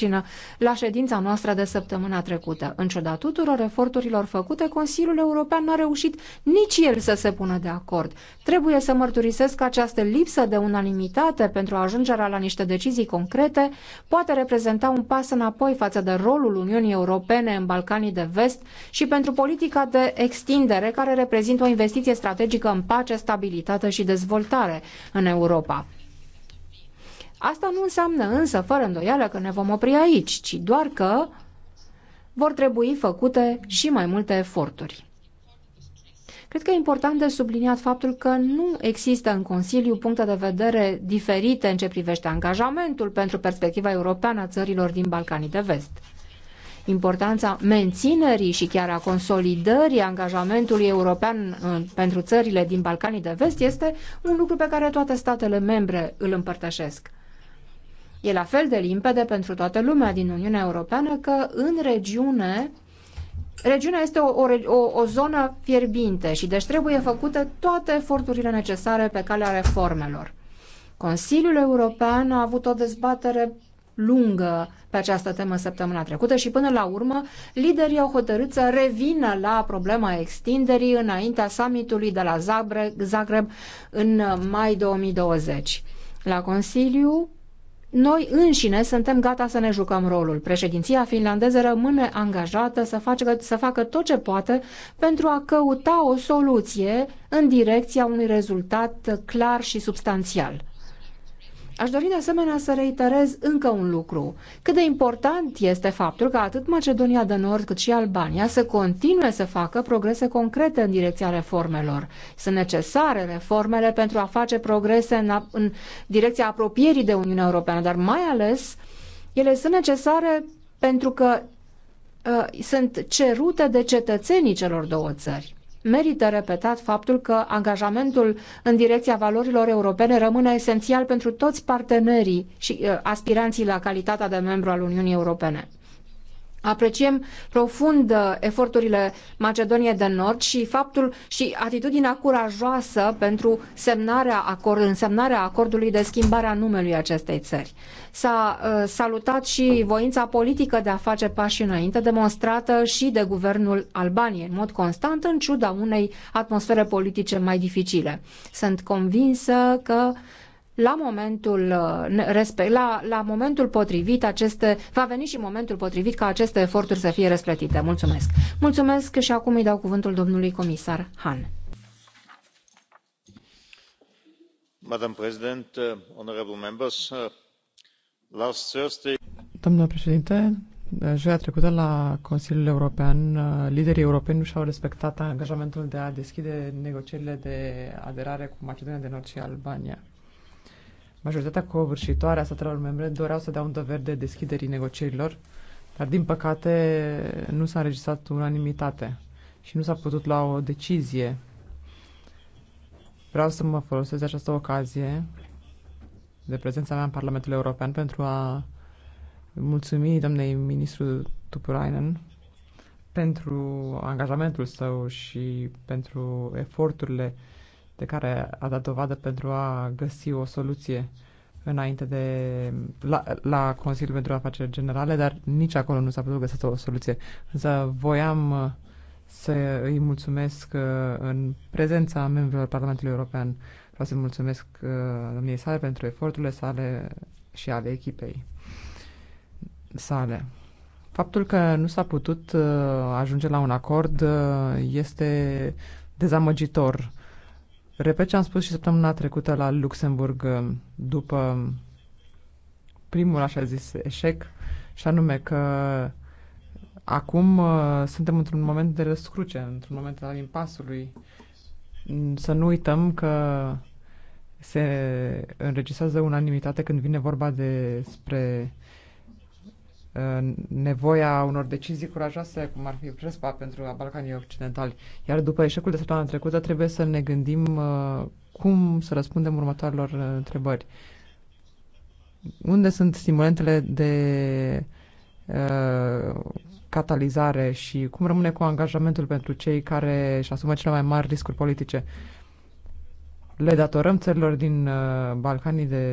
sarcină la ședința noastră de săptămâna trecută. În ciuda tuturor eforturilor făcute, Consiliul European n-a reușit nici el să se pună de acord. Trebuie să mărturisesc că această lipsă de unanimitate pentru ajungerea la niște decizii concrete poate reprezenta un pas înapoi față de rolul Uniunii Europene în Balcanii de Vest și pentru politica de extindere care reprezintă o investiție strategică în pace, stabilitate și dezvoltare în Europa. Asta nu înseamnă însă, fără îndoială, că ne vom opri aici, ci doar că vor trebui făcute și mai multe eforturi. Cred că e important de subliniat faptul că nu există în Consiliu puncte de vedere diferite în ce privește angajamentul pentru perspectiva europeană a țărilor din Balcanii de Vest. Importanța menținerii și chiar a consolidării angajamentului european uh, pentru țările din Balcanii de Vest este un lucru pe care toate statele membre îl împărtășesc. E la fel de limpede pentru toată lumea din Uniunea Europeană că în regiune Regiunea este o, o, o zonă fierbinte și deci trebuie făcute toate eforturile necesare pe calea reformelor. Consiliul European a avut o dezbatere lungă pe această temă săptămâna trecută și până la urmă liderii au hotărât să revină la problema extinderii înaintea summitului de la Zagreb în mai 2020. La Consiliu noi înșine suntem gata să ne jucăm rolul. Președinția finlandeză rămâne angajată să facă, să facă tot ce poate pentru a căuta o soluție în direcția unui rezultat clar și substanțial. Aș dori de asemenea să reiterez încă un lucru. Cât de important este faptul că atât Macedonia de Nord cât și Albania să continue să facă progrese concrete în direcția reformelor. Sunt necesare reformele pentru a face progrese în, a, în direcția apropierii de Uniunea Europeană, dar mai ales ele sunt necesare pentru că uh, sunt cerute de cetățenii celor două țări. Merită repetat faptul că angajamentul în direcția valorilor europene rămâne esențial pentru toți partenerii și uh, aspiranții la calitatea de membru al Uniunii Europene. Apreciem profund uh, eforturile Macedoniei de Nord și faptul și atitudinea curajoasă pentru semnarea acord, însemnarea acordului de schimbare a numelui acestei țări. S-a uh, salutat și voința politică de a face pași înainte, demonstrată și de guvernul Albaniei, în mod constant, în ciuda unei atmosfere politice mai dificile. Sunt convinsă că la momentul, uh, respect, la, la momentul potrivit aceste, va veni și momentul potrivit ca aceste eforturi să fie răsplătite. Mulțumesc. Mulțumesc și acum îi dau cuvântul domnului comisar Han. Madam President, uh, honorable members, uh, last Thursday... Domnul președinte, Joia trecută la Consiliul European, liderii europeni nu și-au respectat angajamentul de a deschide negocierile de aderare cu Macedonia de Nord și Albania. Majoritatea covârșitoare a statelor membre doreau să dea un dover de deschiderii negocierilor, dar din păcate nu s-a înregistrat unanimitate și nu s-a putut lua o decizie. Vreau să mă folosesc de această ocazie de prezența mea în Parlamentul European pentru a mulțumi domnei ministru Tupurainen pentru angajamentul său și pentru eforturile de care a dat dovadă pentru a găsi o soluție înainte de la, la Consiliul pentru Afaceri Generale, dar nici acolo nu s-a putut găsi o soluție. Însă voiam uh, să îi mulțumesc uh, în prezența membrilor Parlamentului European. Vreau să-i mulțumesc uh, domniei sale pentru eforturile sale și ale echipei sale. Faptul că nu s-a putut ajunge la un acord este dezamăgitor Repet ce am spus și săptămâna trecută la Luxemburg, uh, după primul, așa zis, eșec, și anume că acum uh, suntem într-un moment de răscruce, într-un moment al impasului. Să nu uităm că se înregistrează unanimitate când vine vorba despre Uh, nevoia unor decizii curajoase, cum ar fi Prespa pentru Balcanii Occidentali. Iar după eșecul de săptămâna trecută, trebuie să ne gândim uh, cum să răspundem următoarelor uh, întrebări. Unde sunt stimulentele de catalizare și cum rămâne cu angajamentul pentru cei care își asumă cele mai mari riscuri politice? Le datorăm țărilor din uh, Balcanii, de,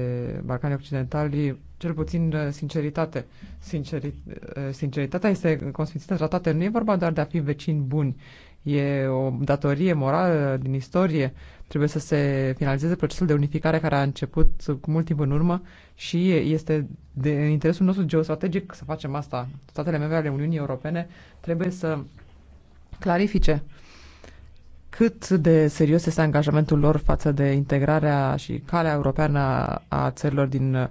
Balcanii Occidentali cel puțin uh, sinceritate. Sinceri, uh, sinceritatea este consfințită în tratate. Nu e vorba doar de a fi vecini buni. E o datorie morală din istorie. Trebuie să se finalizeze procesul de unificare care a început cu mult timp în urmă și este de, în interesul nostru geostrategic să facem asta. Statele membre ale Uniunii Europene trebuie să clarifice cât de serios este angajamentul lor față de integrarea și calea europeană a țărilor din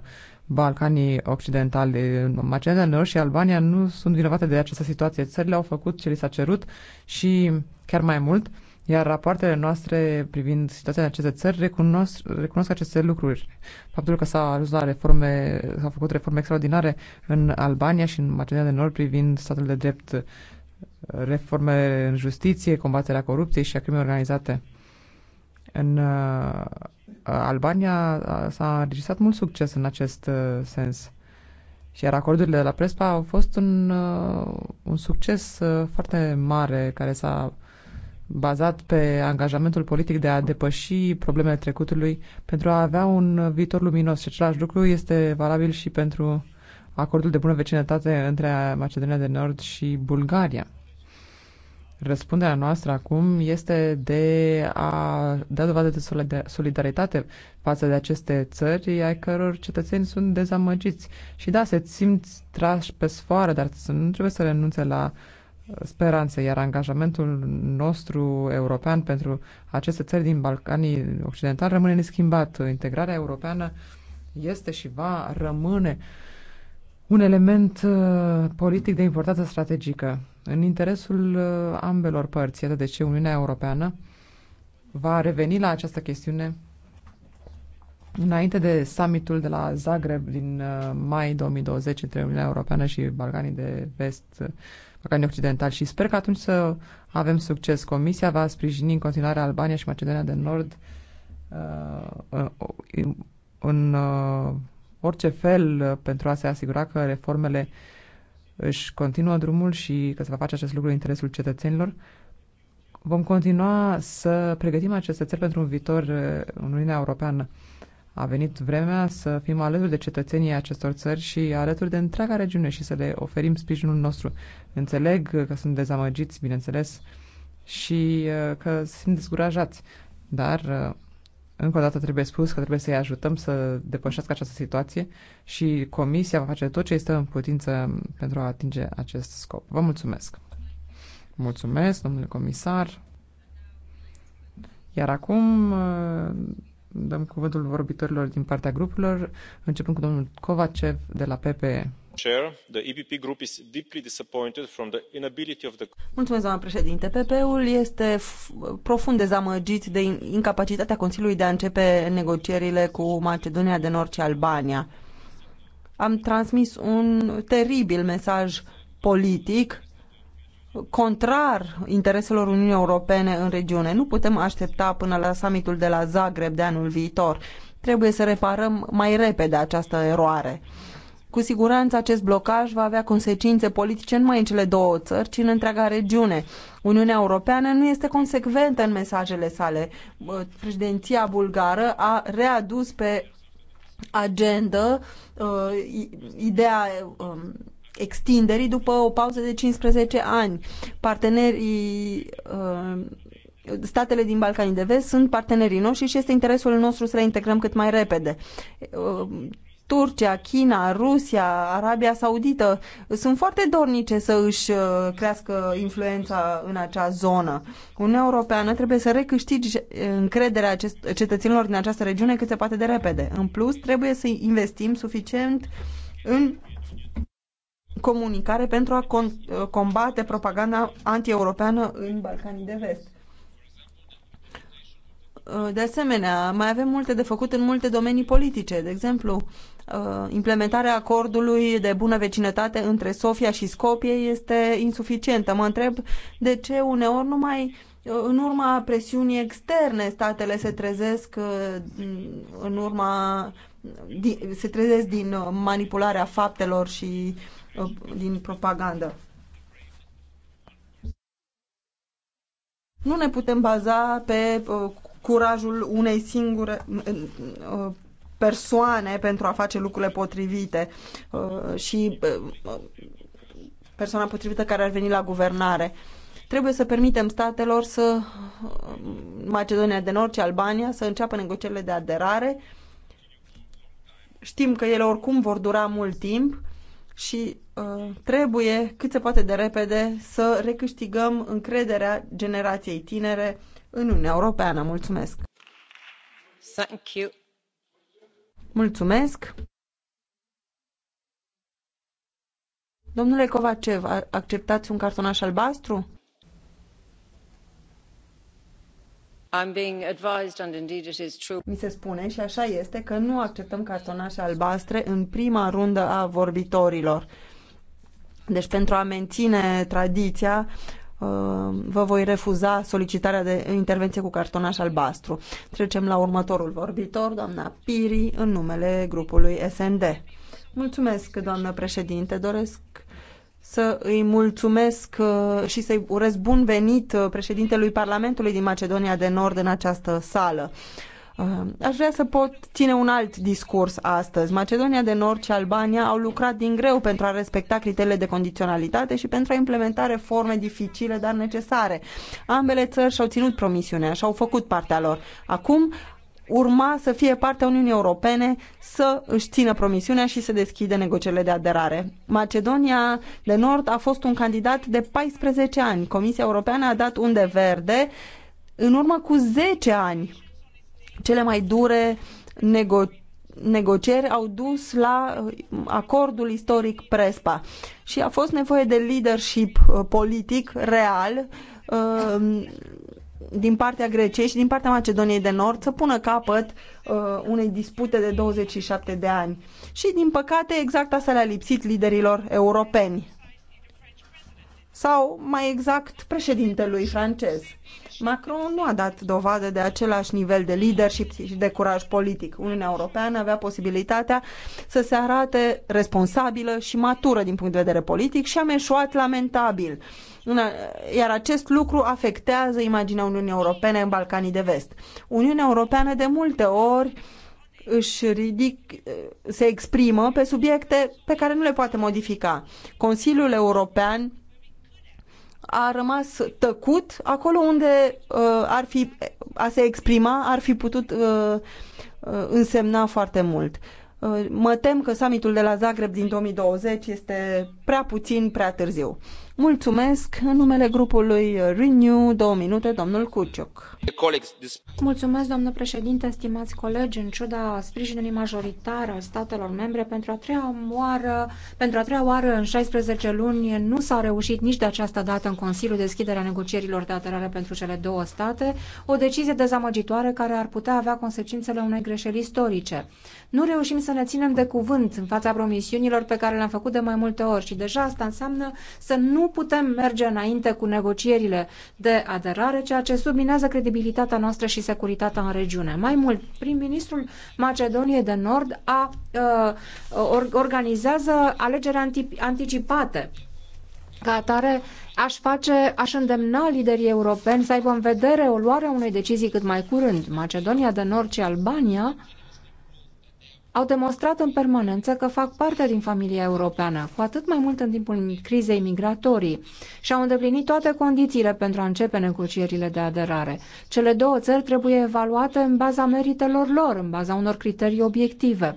Balcanii Occidentali, Macedonia Nord și Albania nu sunt vinovate de această situație. Țările au făcut ce li s-a cerut și chiar mai mult, iar rapoartele noastre privind situația în aceste țări recunosc, recunosc aceste lucruri. Faptul că s-a ajuns la reforme, s-au făcut reforme extraordinare în Albania și în Macedonia de Nord privind statul de drept, reforme în justiție, combaterea corupției și a crimei organizate. În uh, Albania uh, s-a înregistrat mult succes în acest uh, sens. Și iar acordurile de la Prespa au fost un, un succes foarte mare care s-a bazat pe angajamentul politic de a depăși problemele trecutului pentru a avea un viitor luminos. Și același lucru este valabil și pentru acordul de bună vecinătate între Macedonia de Nord și Bulgaria. Răspunderea noastră acum este de a da dovadă de solidaritate față de aceste țări ai căror cetățeni sunt dezamăgiți. Și da, se simt trași pe sfoară, dar nu trebuie să renunțe la uh, speranțe, iar angajamentul nostru european pentru aceste țări din Balcanii Occidentali rămâne neschimbat. Integrarea europeană este și va rămâne uh, un element uh, politic de importanță strategică în interesul uh, ambelor părți. Iată de ce Uniunea Europeană va reveni la această chestiune înainte de summitul de la Zagreb din uh, mai 2020 între Uniunea Europeană și Balcanii de Vest, Balcanii Occidentali și sper că atunci să avem succes. Comisia va sprijini în continuare Albania și Macedonia de Nord uh, în, în uh, orice fel uh, pentru a se asigura că reformele își continuă drumul și că se va face acest lucru în interesul cetățenilor. Vom continua să pregătim aceste țări pentru un viitor uh, în Uniunea Europeană. A venit vremea să fim alături de cetățenii acestor țări și alături de întreaga regiune și să le oferim sprijinul nostru. Înțeleg că sunt dezamăgiți, bineînțeles, și uh, că sunt descurajați, dar încă o dată trebuie spus că trebuie să-i ajutăm să depășească această situație și Comisia va face tot ce este în putință pentru a atinge acest scop. Vă mulțumesc! Mulțumesc, domnule comisar! Iar acum uh, dăm cuvântul vorbitorilor din partea grupurilor, începând cu domnul Covacev de la PPE doamnă președintă ppe ul este profund dezamăgit de incapacitatea consiliului de a începe negocierile cu macedonia de nord și albania. am transmis un teribil mesaj politic contrar intereselor Uniunii Europene în regiune. Nu putem aștepta până la summitul de la Zagreb de anul viitor. Trebuie să reparăm mai repede această eroare cu siguranță acest blocaj va avea consecințe politice numai în cele două țări, ci în întreaga regiune. Uniunea Europeană nu este consecventă în mesajele sale. Președinția bulgară a readus pe agenda uh, ideea um, extinderii după o pauză de 15 ani. Partenerii uh, statele din Balcanii de Vest sunt partenerii noștri și este interesul nostru să le integrăm cât mai repede. Uh, Turcia, China, Rusia, Arabia Saudită sunt foarte dornice să își uh, crească influența în acea zonă. Uniunea Europeană trebuie să recâștige uh, încrederea cetățenilor din această regiune cât se poate de repede. În plus, trebuie să investim suficient în comunicare pentru a uh, combate propaganda antieuropeană în Balcanii de Vest Uh, de asemenea, mai avem multe de făcut în multe domenii politice, de exemplu, uh, implementarea acordului de bună vecinătate între Sofia și Scopie este insuficientă. Mă întreb de ce uneori numai uh, în urma presiunii externe statele se trezesc în urma se trezesc din manipularea faptelor și din propagandă. Nu ne putem baza pe curajul unei singure uh, persoane pentru a face lucrurile potrivite uh, și uh, persoana potrivită care ar veni la guvernare. Trebuie să permitem statelor să Macedonia de Nord și Albania să înceapă negocierile de aderare. Știm că ele oricum vor dura mult timp și uh, trebuie cât se poate de repede să recâștigăm încrederea generației tinere în Uniunea Europeană. Mulțumesc! Thank you. Mulțumesc! Domnule Covacev, acceptați un cartonaș albastru? I'm being advised, and indeed it is true. Mi se spune și așa este că nu acceptăm cartonașe albastre în prima rundă a vorbitorilor. Deci pentru a menține tradiția, Uh, vă voi refuza solicitarea de intervenție cu cartonaș albastru. Trecem la următorul vorbitor, doamna Piri, în numele grupului SND. Mulțumesc, doamnă președinte. Doresc să îi mulțumesc uh, și să-i urez bun venit uh, președintelui Parlamentului din Macedonia de Nord în această sală. Ehm, aș vrea să pot ține un alt discurs astăzi. Macedonia de Nord și Albania au lucrat din greu pentru a respecta criteriile de condiționalitate și pentru a implementa reforme dificile, dar necesare. Ambele țări și-au ținut promisiunea și au făcut partea lor. Acum urma să fie partea Uniunii Europene să își țină promisiunea și să deschide negocierile de aderare. Macedonia de Nord a fost un candidat de 14 ani. Comisia Europeană a dat unde verde în urmă cu 10 ani cele mai dure negocieri negocieri au dus la uh, acordul istoric Prespa și a fost nevoie de leadership uh, politic real uh, din partea Greciei și din partea Macedoniei de Nord să pună capăt unei dispute de 27 de ani. Și, din păcate, exact asta le-a lipsit liderilor europeni sau, mai exact, președintelui francez. Macron nu a dat dovadă de același nivel de leadership și de curaj politic. Uniunea Europeană avea posibilitatea să se arate responsabilă și matură din punct de vedere politic și a eșuat lamentabil. Iar acest lucru afectează imaginea Uniunii Europene în Balcanii de Vest. Uniunea Europeană de multe ori își ridic, se exprimă pe subiecte pe care nu le poate modifica. Consiliul European a rămas tăcut acolo unde uh, ar fi, a se exprima ar fi putut uh, uh, însemna foarte mult. Uh, mă tem că summitul de la Zagreb din 2020 este prea puțin, prea târziu. Mulțumesc în numele grupului Renew, două minute, domnul Cuciuc. Mulțumesc, domnule președinte, stimați colegi, în ciuda sprijinului majoritar al statelor membre, pentru a treia oară, pentru a treia oară în 16 luni nu s-a reușit nici de această dată în Consiliul deschiderea negocierilor de aderare pentru cele două state, o decizie dezamăgitoare care ar putea avea consecințele unei greșeli istorice. Nu reușim să ne ținem de cuvânt în fața promisiunilor pe care le-am făcut de mai multe ori și deja asta înseamnă să nu nu putem merge înainte cu negocierile de aderare, ceea ce subminează credibilitatea noastră și securitatea în regiune. Mai mult, prim-ministrul Macedoniei de Nord a, a, uh, or, organizează alegeri anticipate. Ca atare, aș face, aș îndemna liderii europeni să aibă în vedere o luare a unei decizii cât mai curând. Macedonia de Nord și Albania au demonstrat în permanență că fac parte din familia europeană, cu atât mai mult în timpul crizei migratorii, și au îndeplinit toate condițiile pentru a începe negocierile de aderare. Cele două țări trebuie evaluate în baza meritelor lor, în baza unor criterii obiective.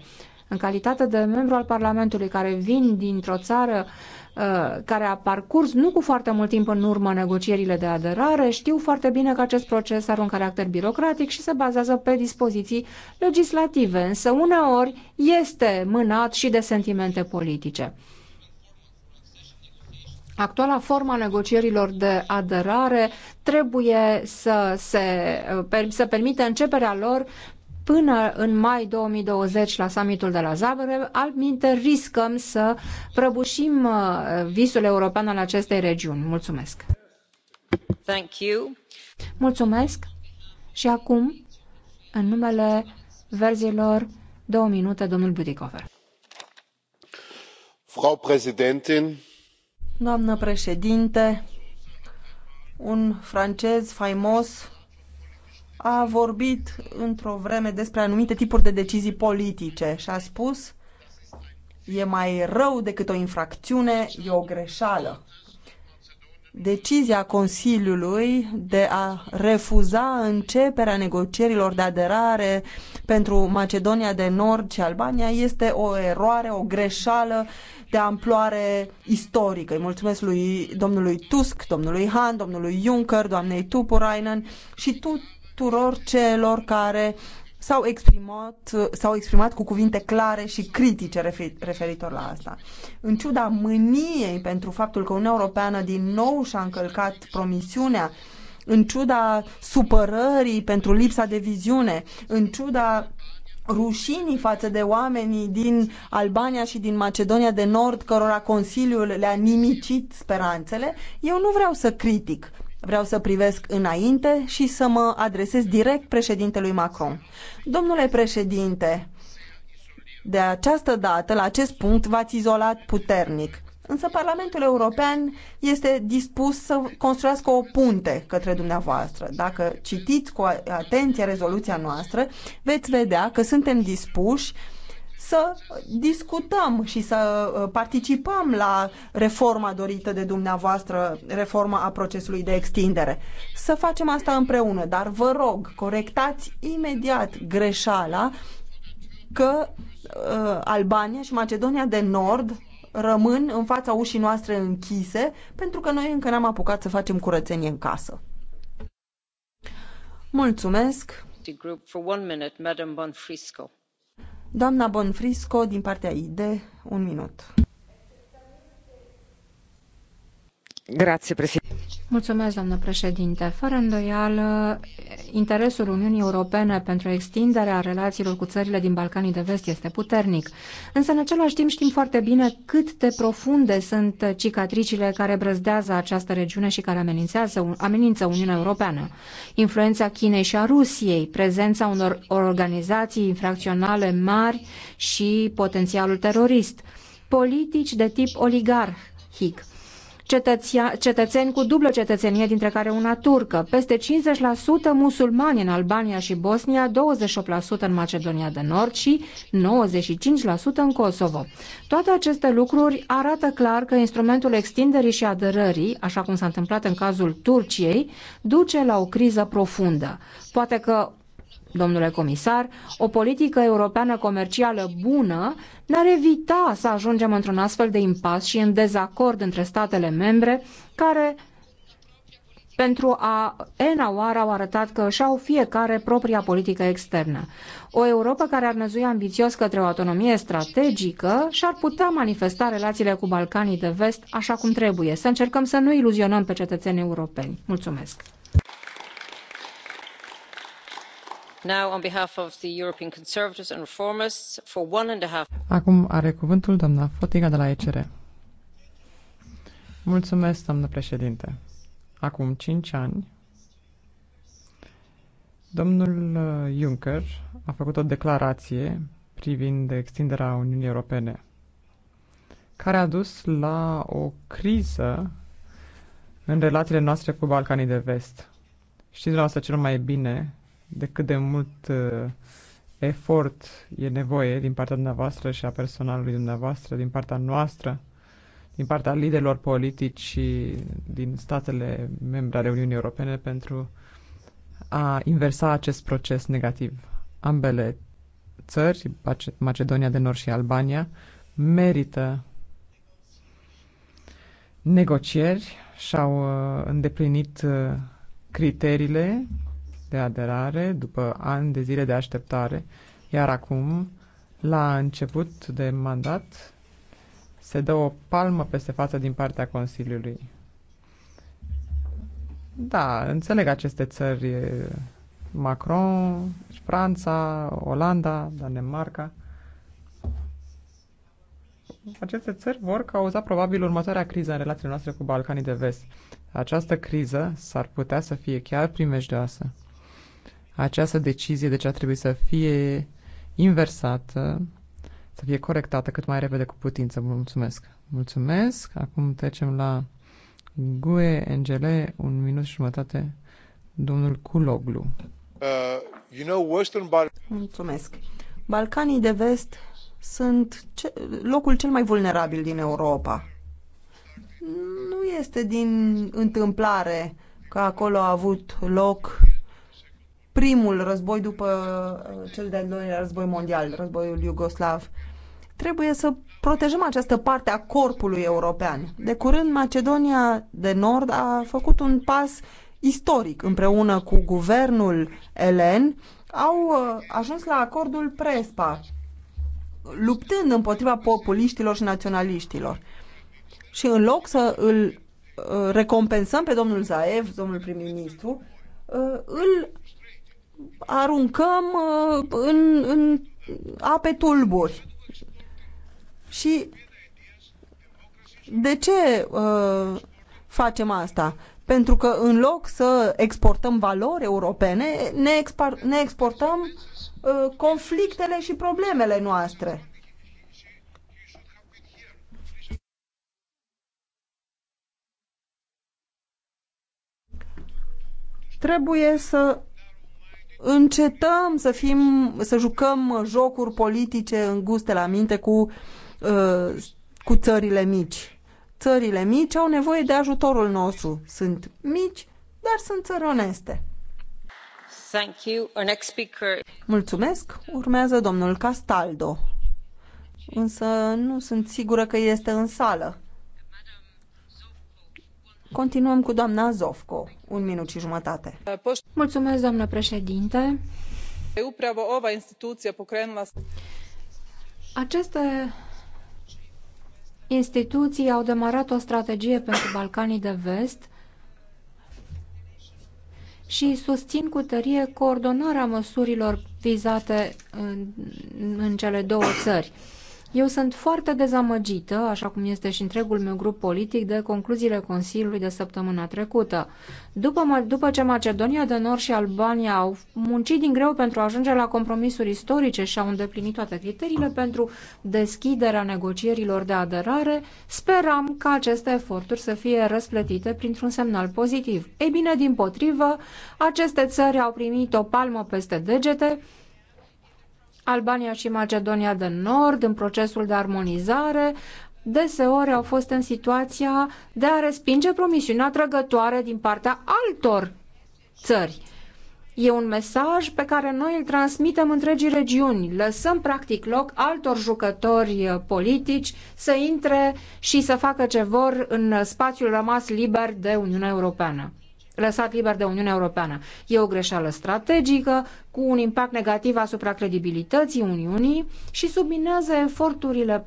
În calitate de membru al Parlamentului care vin dintr-o țară uh, Uh, care a parcurs nu cu foarte mult timp în urmă negocierile de aderare, știu foarte bine că acest proces are un caracter birocratic și se bazează pe dispoziții legislative, însă uneori este mânat și de sentimente politice. Actuala forma negocierilor de aderare trebuie să, se, să permite începerea lor până în mai 2020 la summitul de la Zagreb, altminte riscăm să prăbușim uh, visul european al acestei regiuni. Mulțumesc! Thank you. Mulțumesc! Și acum, în numele verzilor, două minute, domnul Budicover. Frau Präsidentin, Doamnă președinte, un francez faimos a vorbit într-o vreme despre anumite tipuri de decizii politice și a spus e mai rău decât o infracțiune, e o greșeală. Decizia Consiliului de a refuza începerea negocierilor de aderare pentru Macedonia de Nord și Albania este o eroare, o greșeală de amploare istorică. Îi mulțumesc lui domnului Tusk, domnului Han, domnului Juncker, doamnei Tupurainen și tu tuturor celor care s-au exprimat, s-au exprimat cu cuvinte clare și critice referitor la asta. În ciuda mâniei pentru faptul că Uniunea Europeană din nou și-a încălcat promisiunea, în ciuda supărării pentru lipsa de viziune, în ciuda rușinii față de oamenii din Albania și din Macedonia de Nord, cărora Consiliul le-a nimicit speranțele, eu nu vreau să critic. Vreau să privesc înainte și să mă adresez direct președintelui Macron. Domnule președinte, de această dată, la acest punct, v-ați izolat puternic. Însă Parlamentul European este dispus să construiască o punte către dumneavoastră. Dacă citiți cu atenție rezoluția noastră, veți vedea că suntem dispuși uh, să discutăm și să uh, participăm la reforma dorită de dumneavoastră, reforma a procesului de extindere. Să facem asta împreună, dar vă rog, corectați imediat greșeala că uh, Albania și Macedonia de Nord rămân în fața ușii noastre închise pentru că noi încă n-am apucat să facem curățenie în casă. Mulțumesc! Group for one minute, Madam Bonfrisco Doamna Bonfrisco, din partea ID, un minut. Grazie, Presidente. Mulțumesc, doamnă președinte. Fără îndoială, interesul Uniunii Europene pentru extinderea relațiilor cu țările din Balcanii de Vest este puternic. Însă, în același timp, știm foarte bine cât de profunde sunt cicatricile care brăzdează această regiune și care amenințează, amenință Uniunea Europeană. Influența Chinei și a Rusiei, prezența unor organizații infracționale mari și potențialul terorist, politici de tip oligarhic cetățeni cu dublă cetățenie, dintre care una turcă, peste 50% musulmani în Albania și Bosnia, 28% în Macedonia de Nord și 95% în Kosovo. Toate aceste lucruri arată clar că instrumentul extinderii și aderării, așa cum s-a întâmplat în cazul Turciei, duce la o criză profundă. Poate că domnule comisar, o politică europeană comercială bună ne-ar evita să ajungem într-un astfel de impas și în dezacord între statele membre care pentru a ena oară au arătat că își au fiecare propria politică externă. O Europa care ar năzui ambițios către o autonomie strategică și-ar putea manifesta relațiile cu Balcanii de vest așa cum trebuie. Să încercăm să nu iluzionăm pe cetățenii europeni. Mulțumesc! Acum are cuvântul doamna Fotiga de la ECR. Mulțumesc, doamnă președinte. Acum cinci ani, domnul uh, Juncker a făcut o declarație privind extinderea Uniunii Europene, care a dus la o criză în relațiile noastre cu Balcanii de Vest. Știți dumneavoastră cel mai bine de cât de mult uh, efort e nevoie din partea dumneavoastră și a personalului dumneavoastră, din partea noastră, din partea liderilor politici și din statele membre ale Uniunii Europene pentru a inversa acest proces negativ. Ambele țări, Macedonia de Nord și Albania, merită negocieri și au uh, îndeplinit uh, criteriile de aderare după ani de zile de așteptare, iar acum, la început de mandat, se dă o palmă peste față din partea Consiliului. Da, înțeleg aceste țări, Macron, Franța, Olanda, Danemarca. Aceste țări vor cauza probabil următoarea criză în relațiile noastre cu Balcanii de Vest. Această criză s-ar putea să fie chiar primejdioasă. Această decizie deci ar trebui să fie inversată, să fie corectată cât mai repede cu putință. Mulțumesc! Mulțumesc! Acum trecem la GUE NGL, un minut și jumătate, domnul Culoglu. Uh, you know, Western Bal- Mulțumesc! Balcanii de vest sunt ce- locul cel mai vulnerabil din Europa. Nu este din întâmplare că acolo a avut loc primul război după uh, cel de-al doilea război mondial, războiul iugoslav. Trebuie să protejăm această parte a corpului european. De curând, Macedonia de Nord a făcut un pas istoric împreună cu guvernul elen. Au uh, ajuns la acordul Prespa, luptând împotriva populiștilor și naționaliștilor. Și în loc să îl uh, recompensăm pe domnul Zaev, domnul prim-ministru, îl aruncăm uh, în, în ape tulburi. Și de ce uh, facem asta? Pentru că în loc să exportăm valori europene, ne, expar- ne exportăm uh, conflictele și problemele noastre. Trebuie să încetăm să fim, să jucăm jocuri politice înguste la minte cu, uh, cu țările mici. Țările mici au nevoie de ajutorul nostru. Sunt mici, dar sunt țări oneste. Thank you. Our next speaker. Mulțumesc. Urmează domnul Castaldo. Însă nu sunt sigură că este în sală. Continuăm cu doamna Zofco. Un minut și jumătate. Mulțumesc, doamnă președinte. ova Aceste instituții au demarat o strategie pentru Balcanii de Vest și susțin cu tărie coordonarea măsurilor vizate în, în cele două țări. Eu sunt foarte dezamăgită, așa cum este și întregul meu grup politic, de concluziile Consiliului de săptămâna trecută. După, după ce Macedonia de Nord și Albania au muncit din greu pentru a ajunge la compromisuri istorice și au îndeplinit toate criteriile pentru deschiderea negocierilor de aderare, sperăm ca aceste eforturi să fie răsplătite printr-un semnal pozitiv. Ei bine, din potrivă, aceste țări au primit o palmă peste degete, Albania și Macedonia de Nord în procesul de armonizare deseori au fost în situația de a respinge promisiunea trăgătoare din partea altor țări. E un mesaj pe care noi îl transmitem întregii regiuni. Lăsăm practic loc altor jucători uh, politici să intre și să facă ce vor în spațiul rămas liber de Uniunea Europeană lăsat liber de Uniunea Europeană. E o greșeală strategică, cu un impact negativ asupra credibilității Uniunii și subminează eforturile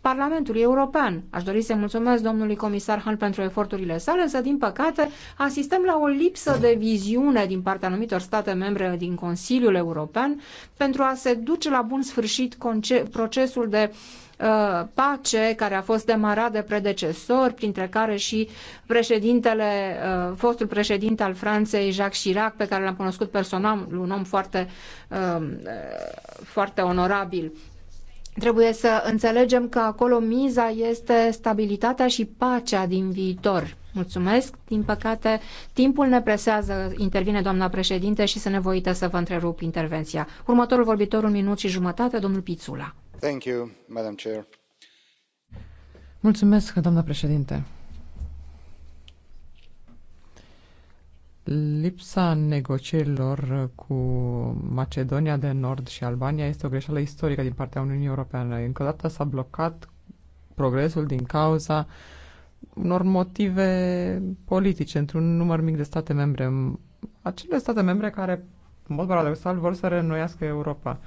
Parlamentului European. Aș dori să mulțumesc domnului comisar Han pentru eforturile sale, însă, din păcate, asistăm la o lipsă de viziune din partea anumitor state membre din Consiliul European pentru a se duce la bun sfârșit procesul de uh, Uh, pace care a fost demarat de predecesori, printre care și președintele, uh, fostul președinte al Franței, Jacques Chirac, pe care l-am cunoscut personal, un om foarte, um, uh, foarte onorabil. Trebuie să înțelegem că acolo miza este stabilitatea și pacea din viitor. Mulțumesc. Din păcate, timpul ne presează, intervine doamna președinte și se voită să vă întrerup intervenția. Următorul vorbitor, un minut și jumătate, domnul Pițula. Mulțumesc, doamnă președinte. Lipsa negocierilor cu Macedonia de Nord și Albania este o greșeală istorică din partea Uniunii Europene. Încă o dată s-a blocat progresul din cauza unor motive politice într-un număr mic de state membre. Acele state membre care, în mod paradoxal, vor să reînnoiască Europa.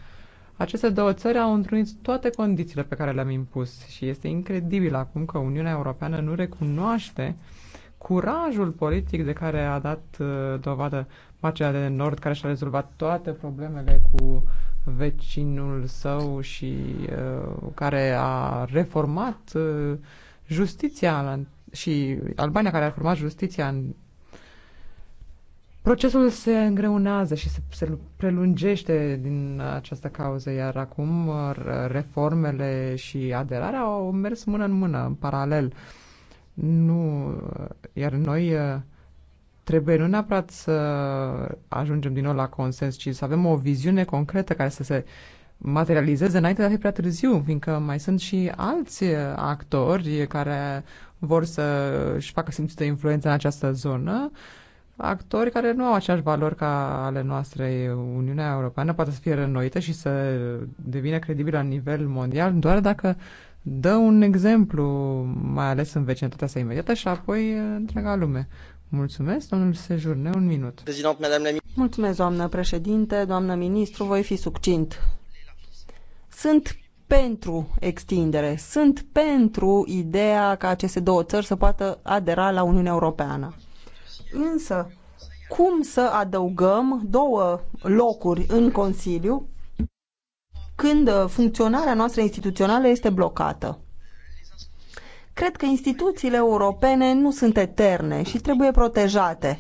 Aceste două țări au întrunit toate condițiile pe care le-am impus și este incredibil acum că Uniunea Europeană nu recunoaște curajul politic de care a dat uh, dovadă Macedonia de Nord, care și-a rezolvat toate problemele cu vecinul său și uh, care a reformat uh, justiția la, și Albania care a reformat justiția în Procesul se îngreunează și se, se prelungește din această cauză, iar acum uh, reformele și aderarea au mers mână în mână, în paralel. Nu, uh, iar noi uh, trebuie nu neapărat să ajungem din nou la consens, ci să avem o viziune concretă care să se materializeze înainte de a fi prea târziu, fiindcă mai sunt și alți actori care vor să își facă simțită influența în această zonă actori care nu au aceeași valori ca ale noastre. Uniunea Europeană poate să fie rănoită și să devină credibilă la nivel mondial doar dacă dă un exemplu, mai ales în vecinătatea sa imediată și apoi uh, întreaga lume. Mulțumesc, domnul Sejurne, un minut. Mulțumesc, doamnă președinte, doamnă ministru, voi fi succint. Sunt pentru extindere, sunt pentru ideea ca aceste două țări să poată adera la Uniunea Europeană. Însă, cum să adăugăm două locuri în Consiliu când uh, funcționarea noastră instituțională este blocată? Cred că instituțiile europene nu sunt eterne și trebuie protejate.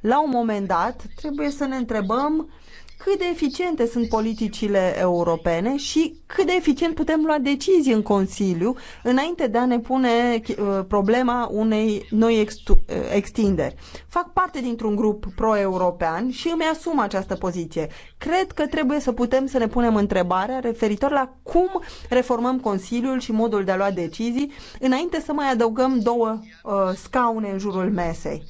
La un moment dat, trebuie să ne întrebăm cât de eficiente sunt politicile europene și cât de eficient putem lua decizii în Consiliu înainte de a ne pune uh, problema unei noi uh, extinderi. Fac parte dintr-un grup pro-european și îmi asum această poziție. Cred că trebuie să putem să ne punem întrebarea referitor la cum reformăm Consiliul și modul de a lua decizii înainte să mai adăugăm două uh, scaune în jurul mesei.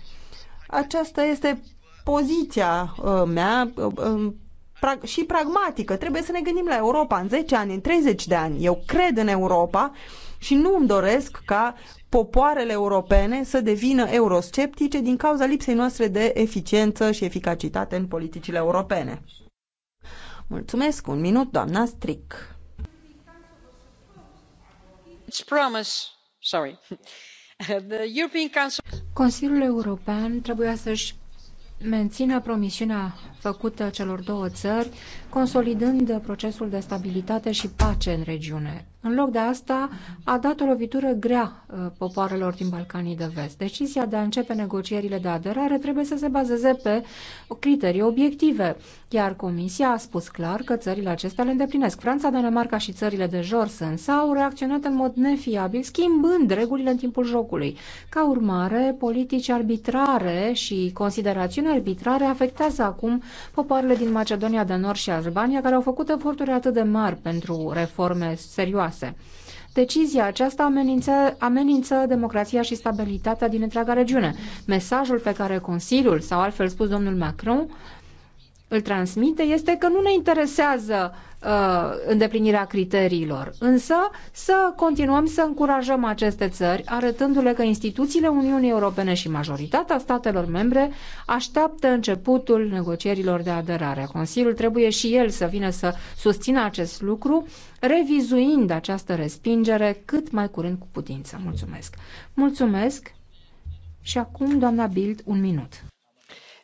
Aceasta este poziția uh, mea uh, um, și pragmatică. Trebuie să ne gândim la Europa în 10 ani, în 30 de ani. Eu cred în Europa și nu îmi doresc ca popoarele europene să devină eurosceptice din cauza lipsei noastre de eficiență și eficacitate în politicile europene. Mulțumesc. Un minut, doamna Stric. It's promise. Sorry. Consiliul European trebuia să-și mențină promisiunea făcută celor două țări consolidând procesul de stabilitate și pace în regiune. În loc de asta, a dat o lovitură grea uh, popoarelor din Balcanii de Vest. Decizia de a începe negocierile de aderare trebuie să se bazeze pe criterii obiective, iar Comisia a spus clar că țările acestea le îndeplinesc. Franța, Danemarca și țările de jos însă au reacționat în mod nefiabil, schimbând regulile în timpul jocului. Ca urmare, politici arbitrare și considerațiuni arbitrare afectează acum popoarele din Macedonia de Nord și Transilvania, care au făcut eforturi atât de mari pentru reforme serioase. Decizia aceasta amenință, amenință democrația și stabilitatea din întreaga regiune. Mesajul pe care Consiliul, sau altfel spus domnul Macron, îl transmite este că nu ne interesează uh, îndeplinirea criteriilor, însă să continuăm să încurajăm aceste țări, arătându-le că instituțiile Uniunii Europene și majoritatea statelor membre așteaptă începutul negocierilor de aderare. Consiliul trebuie și el să vină să susțină acest lucru, revizuind această respingere cât mai curând cu putință. Mulțumesc! Mulțumesc! Și acum, doamna Bild, un minut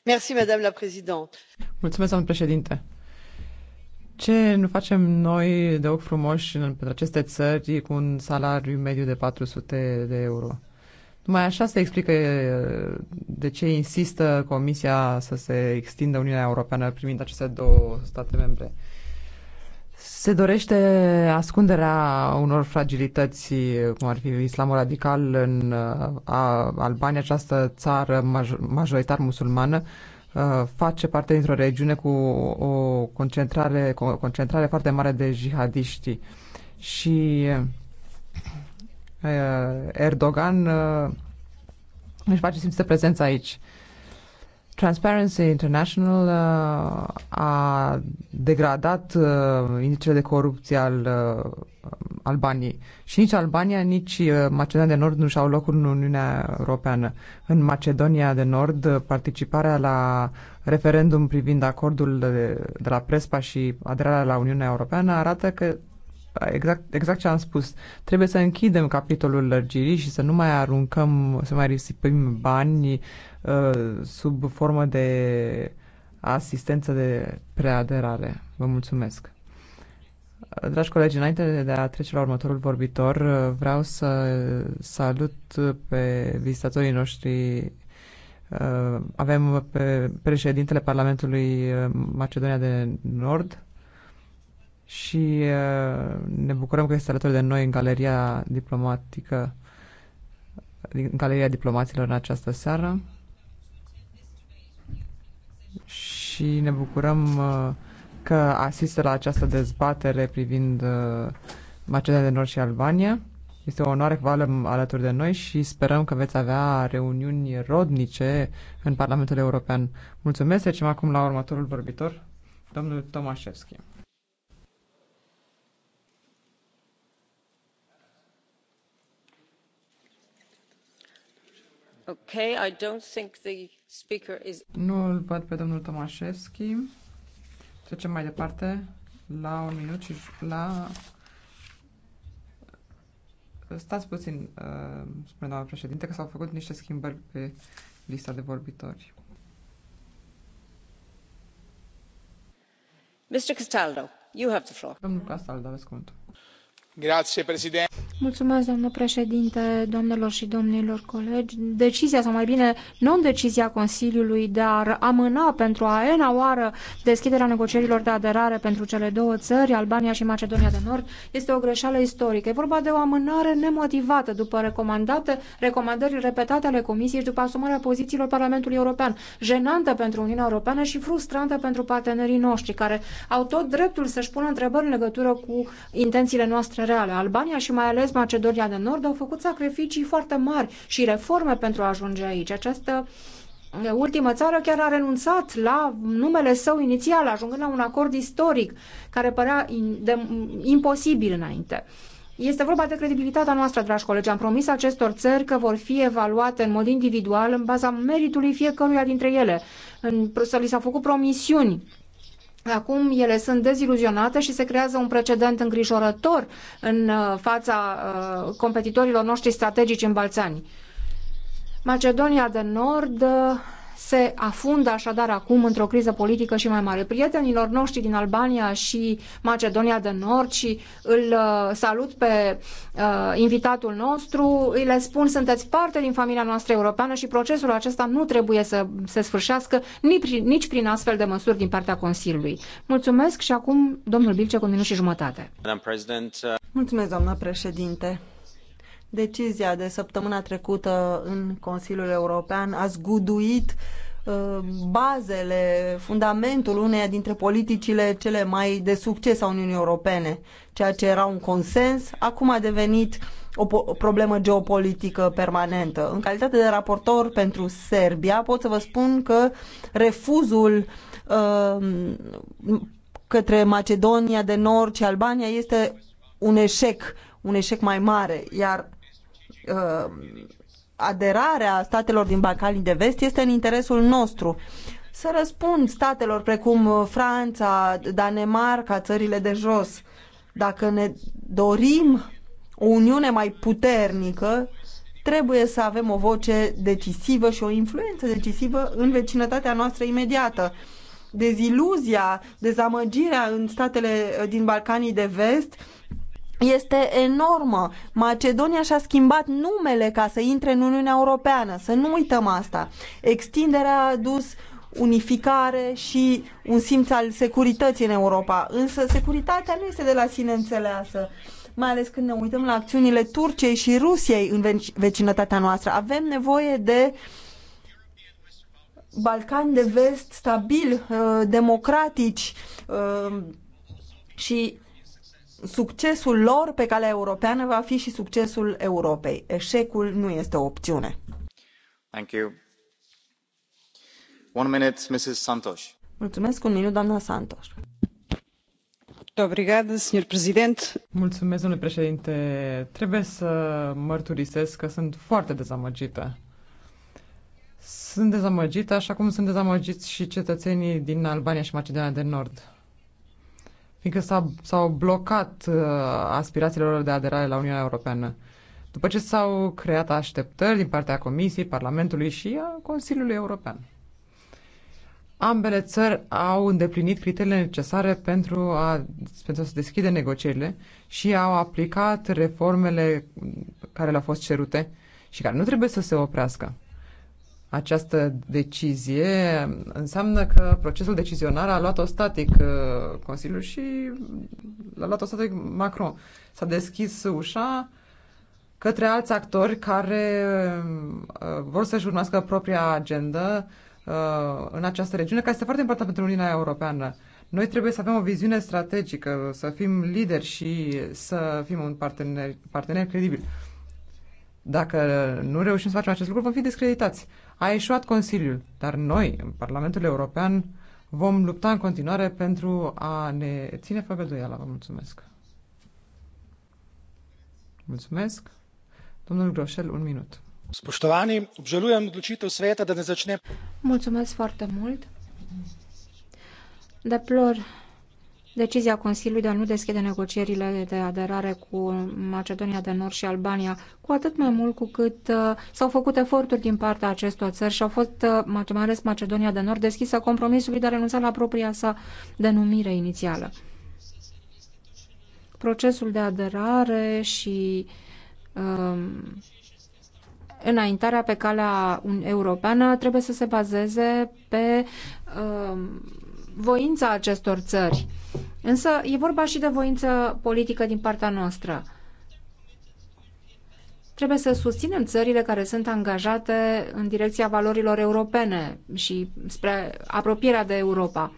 doamnă președintă ce nu facem noi de ochi frumoși pentru aceste țări cu un salariu mediu de 400 de euro? Numai așa se explică uh, de ce insistă Comisia să se extindă Uniunea Europeană primind aceste două state membre. Se dorește ascunderea unor fragilități, cum ar fi islamul radical în uh, a, Albania, această țară majoritar musulmană, uh, face parte dintr-o regiune cu o concentrare, cu o concentrare foarte mare de jihadiști. Și uh, Erdogan își face simțită prezența aici. Transparency International uh, a degradat uh, indicele de corupție al uh, Albaniei. Și nici Albania, nici Macedonia de Nord nu și-au locul în Uniunea Europeană. În Macedonia de Nord, participarea la referendum privind acordul de, de la Prespa și aderarea la Uniunea Europeană arată că exact, exact ce am spus. Trebuie să închidem capitolul lărgirii și să nu mai aruncăm, să mai risipim bani Uh, sub formă de asistență de preaderare. Vă mulțumesc! Uh, dragi colegi, înainte de a trece la următorul vorbitor, uh, vreau să salut pe vizitatorii noștri. Avem pe președintele Parlamentului Macedonia de Nord și ne bucurăm că este alături de noi în galeria diplomatică, în galeria diplomaților în această seară. și ne bucurăm uh, că asistă la această dezbatere privind uh, Macedonia de Nord și Albania. Este o onoare că vă alături de noi și sperăm că veți avea reuniuni rodnice în Parlamentul European. Mulțumesc, trecem acum la următorul vorbitor, domnul Tomașevski. Okay, I don't think the Is... Nu îl văd pe domnul Tomașevski. Trecem mai departe la un minut și la... Stați puțin, uh, spune doamna președinte, că s-au făcut niște schimbări pe lista de vorbitori. Mr. Castaldo, you have the floor. Domnul Castaldo, aveți cuvântul Mulțumesc, domnul președinte, domnilor și domnilor colegi. Decizia, sau mai bine, non-decizia Consiliului de a amâna pentru a ena oară deschiderea negocierilor de aderare pentru cele două țări, Albania și Macedonia de Nord, este o greșeală istorică. E vorba de o amânare nemotivată după recomandate, recomandări repetate ale Comisiei și după asumarea pozițiilor Parlamentului European, jenantă pentru Uniunea Europeană și frustrantă pentru partenerii noștri, care au tot dreptul să-și pună întrebări în legătură cu intențiile noastre reală. Albania și mai ales Macedonia de Nord au făcut sacrificii foarte mari și reforme pentru a ajunge aici. Această ultimă țară chiar a renunțat la numele său inițial, ajungând la un acord istoric care părea in, de, imposibil înainte. Este vorba de credibilitatea noastră, dragi colegi. Am promis acestor țări că vor fi evaluate în mod individual în baza meritului fiecăruia dintre ele. În, să li s-au făcut promisiuni Acum ele sunt deziluzionate și se creează un precedent îngrijorător în uh, fața uh, competitorilor noștri strategici în Balțani. Macedonia de Nord uh, se afundă așadar acum într-o criză politică și mai mare. Prietenilor noștri din Albania și Macedonia de Nord și îl uh, salut pe uh, invitatul nostru, îi le spun sunteți parte din familia noastră europeană și procesul acesta nu trebuie să se sfârșească nici prin, nici prin astfel de măsuri din partea Consiliului. Mulțumesc și acum domnul Bilce cu minut și jumătate. Uh, Mulțumesc, doamnă președinte. Decizia de săptămâna trecută în Consiliul European a zguduit uh, bazele, fundamentul uneia dintre politicile cele mai de succes a Uniunii Europene. Ceea ce era un consens, acum a devenit o, o problemă geopolitică permanentă. În calitate de raportor pentru Serbia, pot să vă spun că refuzul uh, către Macedonia de Nord și Albania este un eșec, un eșec mai mare, iar uh, aderarea statelor din Balcanii de Vest este în interesul nostru. Să răspund statelor precum uh, Franța, Danemarca, țările de jos, dacă ne dorim o uniune mai puternică, trebuie să avem o voce decisivă și o influență decisivă în vecinătatea noastră imediată. Deziluzia, dezamăgirea în statele uh, din Balcanii de Vest este enormă. Macedonia și-a schimbat numele ca să intre în Uniunea Europeană. Să nu uităm asta. Extinderea a adus unificare și un simț al securității în Europa. Însă securitatea nu este de la sine înțeleasă mai ales când ne uităm la acțiunile Turciei și Rusiei în vecinătatea noastră. Avem nevoie de Balcan de vest stabil, uh, democratici uh, și succesul lor pe calea europeană va fi și succesul Europei. Eșecul nu este o opțiune. Thank you. One minute, Mrs. Santos. Mulțumesc un minut, doamna Santos. Mulțumesc, domnule președinte. Trebuie să mărturisesc că sunt foarte dezamăgită. Sunt dezamăgită, așa cum sunt dezamăgiți și cetățenii din Albania și Macedonia de Nord fiindcă s-au blocat uh, aspirațiile lor de aderare la Uniunea Europeană. După ce s-au creat așteptări din partea Comisiei, Parlamentului și a Consiliului European. Ambele țări au îndeplinit criteriile necesare pentru a, pentru a se deschide negocierile și au aplicat reformele care le-au fost cerute și care nu trebuie să se oprească această decizie înseamnă că procesul decizionar a luat-o static uh, Consiliul și l-a luat-o static Macron. S-a deschis ușa către alți actori care uh, vor să-și urmească propria agendă uh, în această regiune, care este foarte importantă pentru Uniunea Europeană. Noi trebuie să avem o viziune strategică, să fim lideri și să fim un partener, partener credibil. Dacă nu reușim să facem acest lucru, vom fi discreditați. A ieșuat Consiliul, dar noi, în Parlamentul European, vom lupta în continuare pentru a ne ține făgăduiala. Vă mulțumesc. Mulțumesc. Domnul Groșel, un minut. Spoštovani, obželujem odločitev sveta, da ne začne. Mulțumesc foarte mult. Deplor Decizia Consiliului de a nu deschide negocierile de aderare cu Macedonia de Nord și Albania, cu atât mai mult cu cât uh, s-au făcut eforturi din partea acestor țări și au fost, uh, mai ales Macedonia de Nord, deschisă compromisului de a renunța la propria sa denumire inițială. Procesul de aderare și uh, înaintarea pe calea europeană trebuie să se bazeze pe uh, voința acestor țări. Însă e vorba și de voință politică din partea noastră. Trebuie să susținem țările care sunt angajate în direcția valorilor europene și spre apropierea de Europa.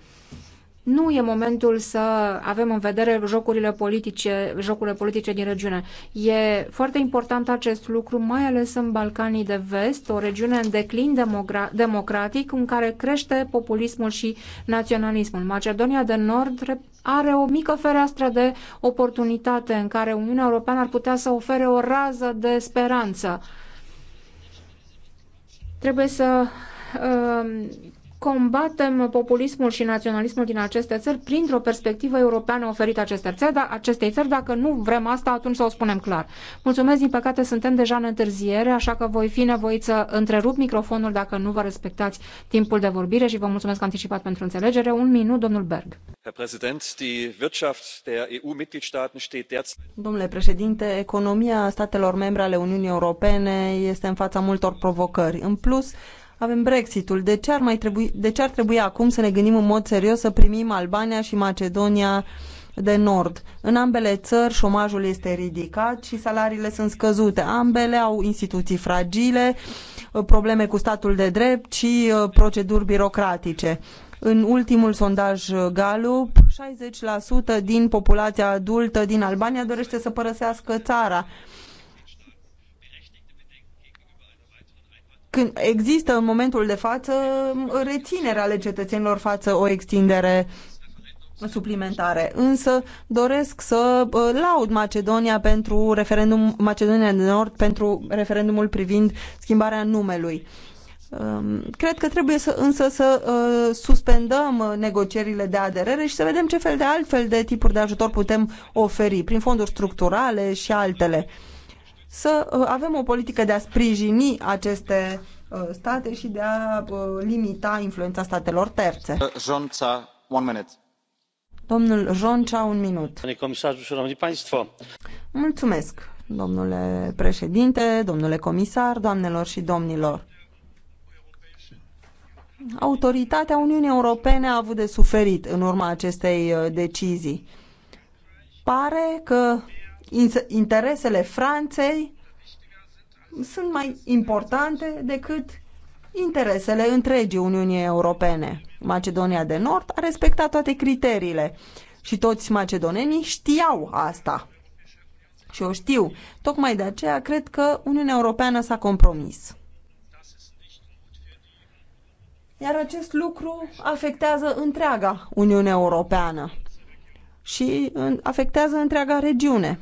Nu e momentul să avem în vedere jocurile politice, jocurile politice din regiune. E foarte important acest lucru, mai ales în Balcanii de Vest, o regiune în declin democratic, în care crește populismul și naționalismul. Macedonia de Nord are o mică fereastră de oportunitate în care Uniunea Europeană ar putea să ofere o rază de speranță. Trebuie să uh, combatem populismul și naționalismul din aceste țări printr-o perspectivă europeană oferită acestei țări, dar acestei țări. Dacă nu vrem asta, atunci să o spunem clar. Mulțumesc, din păcate suntem deja în întârziere, așa că voi fi nevoit să întrerup microfonul dacă nu vă respectați timpul de vorbire și vă mulțumesc anticipat pentru înțelegere. Un minut, domnul Berg. Domnule președinte, economia statelor membre ale Uniunii Europene este în fața multor provocări. În plus, avem Brexitul. De ce ar, mai trebui, de ce ar trebui acum să ne gândim în mod serios să primim Albania și Macedonia de Nord? În ambele țări șomajul este ridicat și salariile sunt scăzute. Ambele au instituții fragile, probleme cu statul de drept și uh, proceduri birocratice. În ultimul sondaj uh, Gallup, 60% din populația adultă din Albania dorește să părăsească țara. când există în momentul de față reținerea ale cetățenilor față o extindere suplimentare. Însă doresc să laud Macedonia pentru referendum Macedonia de Nord pentru referendumul privind schimbarea numelui. Um, cred că trebuie să, însă să uh, suspendăm negocierile de aderere și să vedem ce fel de altfel de tipuri de ajutor putem oferi prin fonduri structurale și altele. Uh, să uh, avem o politică de a sprijini aceste uh, state și de a uh, limita influența statelor terțe. Jonța, one minute. Domnul Jonca, un minut. Mulțumesc, domnule președinte, domnule comisar, doamnelor și domnilor. Autoritatea Uniunii Europene a avut de suferit în urma acestei decizii. Pare că interesele Franței sunt mai importante decât interesele întregii Uniunii Europene. Macedonia de Nord a respectat toate criteriile și toți macedonenii știau asta. Și o știu. Tocmai de aceea cred că Uniunea Europeană s-a compromis. Iar acest lucru afectează întreaga Uniune Europeană și afectează întreaga regiune.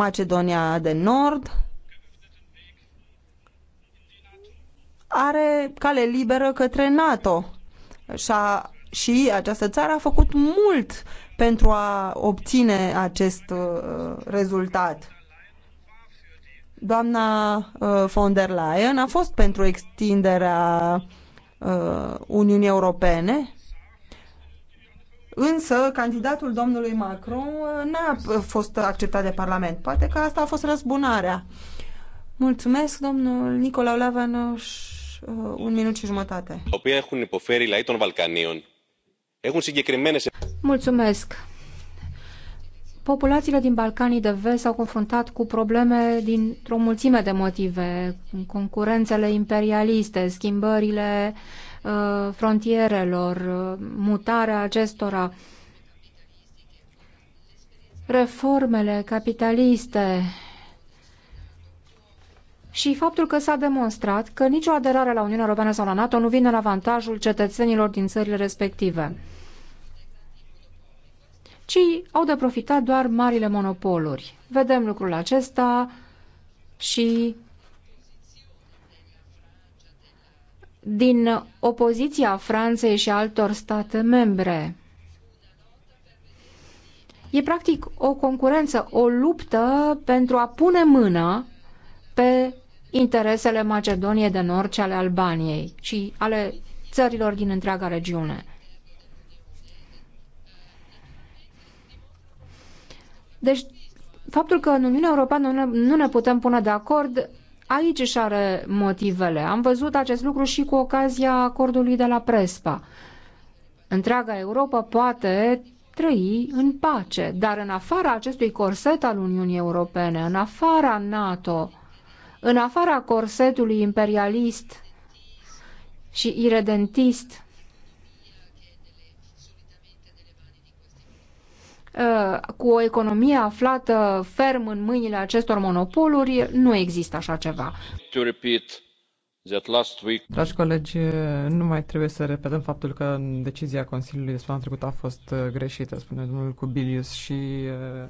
Macedonia de Nord are cale liberă către NATO și, a, și această țară a făcut mult pentru a obține acest uh, rezultat. Doamna uh, von der Leyen a fost pentru extinderea uh, Uniunii Europene Însă, candidatul domnului Macron uh, n-a uh, fost acceptat de Parlament. Poate că asta a fost răzbunarea. Mulțumesc, domnul Nicolau Lavanoș, uh, un minut și jumătate. Mulțumesc. Populațiile din Balcanii de Vest s-au confruntat cu probleme dintr-o mulțime de motive. Concurențele imperialiste, schimbările uh, Uh, frontierelor, uh, mutarea acestora, reformele capitaliste și faptul că s-a demonstrat că nicio aderare la Uniunea Europeană sau la NATO nu vine în avantajul cetățenilor din țările respective, ci au de profitat doar marile monopoluri. Vedem lucrul acesta și din opoziția Franței și altor state membre. E practic o concurență, o luptă pentru a pune mână pe interesele Macedoniei de Nord și ale Albaniei și ale țărilor din întreaga regiune. Deci, faptul că în Uniunea Europeană nu ne, nu ne putem pune de acord Aici își are motivele. Am văzut acest lucru și cu ocazia acordului de la Prespa. Întreaga Europa poate trăi în pace, dar în afara acestui corset al Uniunii Europene, în afara NATO, în afara corsetului imperialist și iredentist, Uh, cu o economie aflată ferm în mâinile acestor monopoluri, nu există așa ceva. Dragi colegi, nu mai trebuie să repetăm faptul că decizia Consiliului de săptămâna trecută a fost uh, greșită, spune domnul Cubilius, și uh,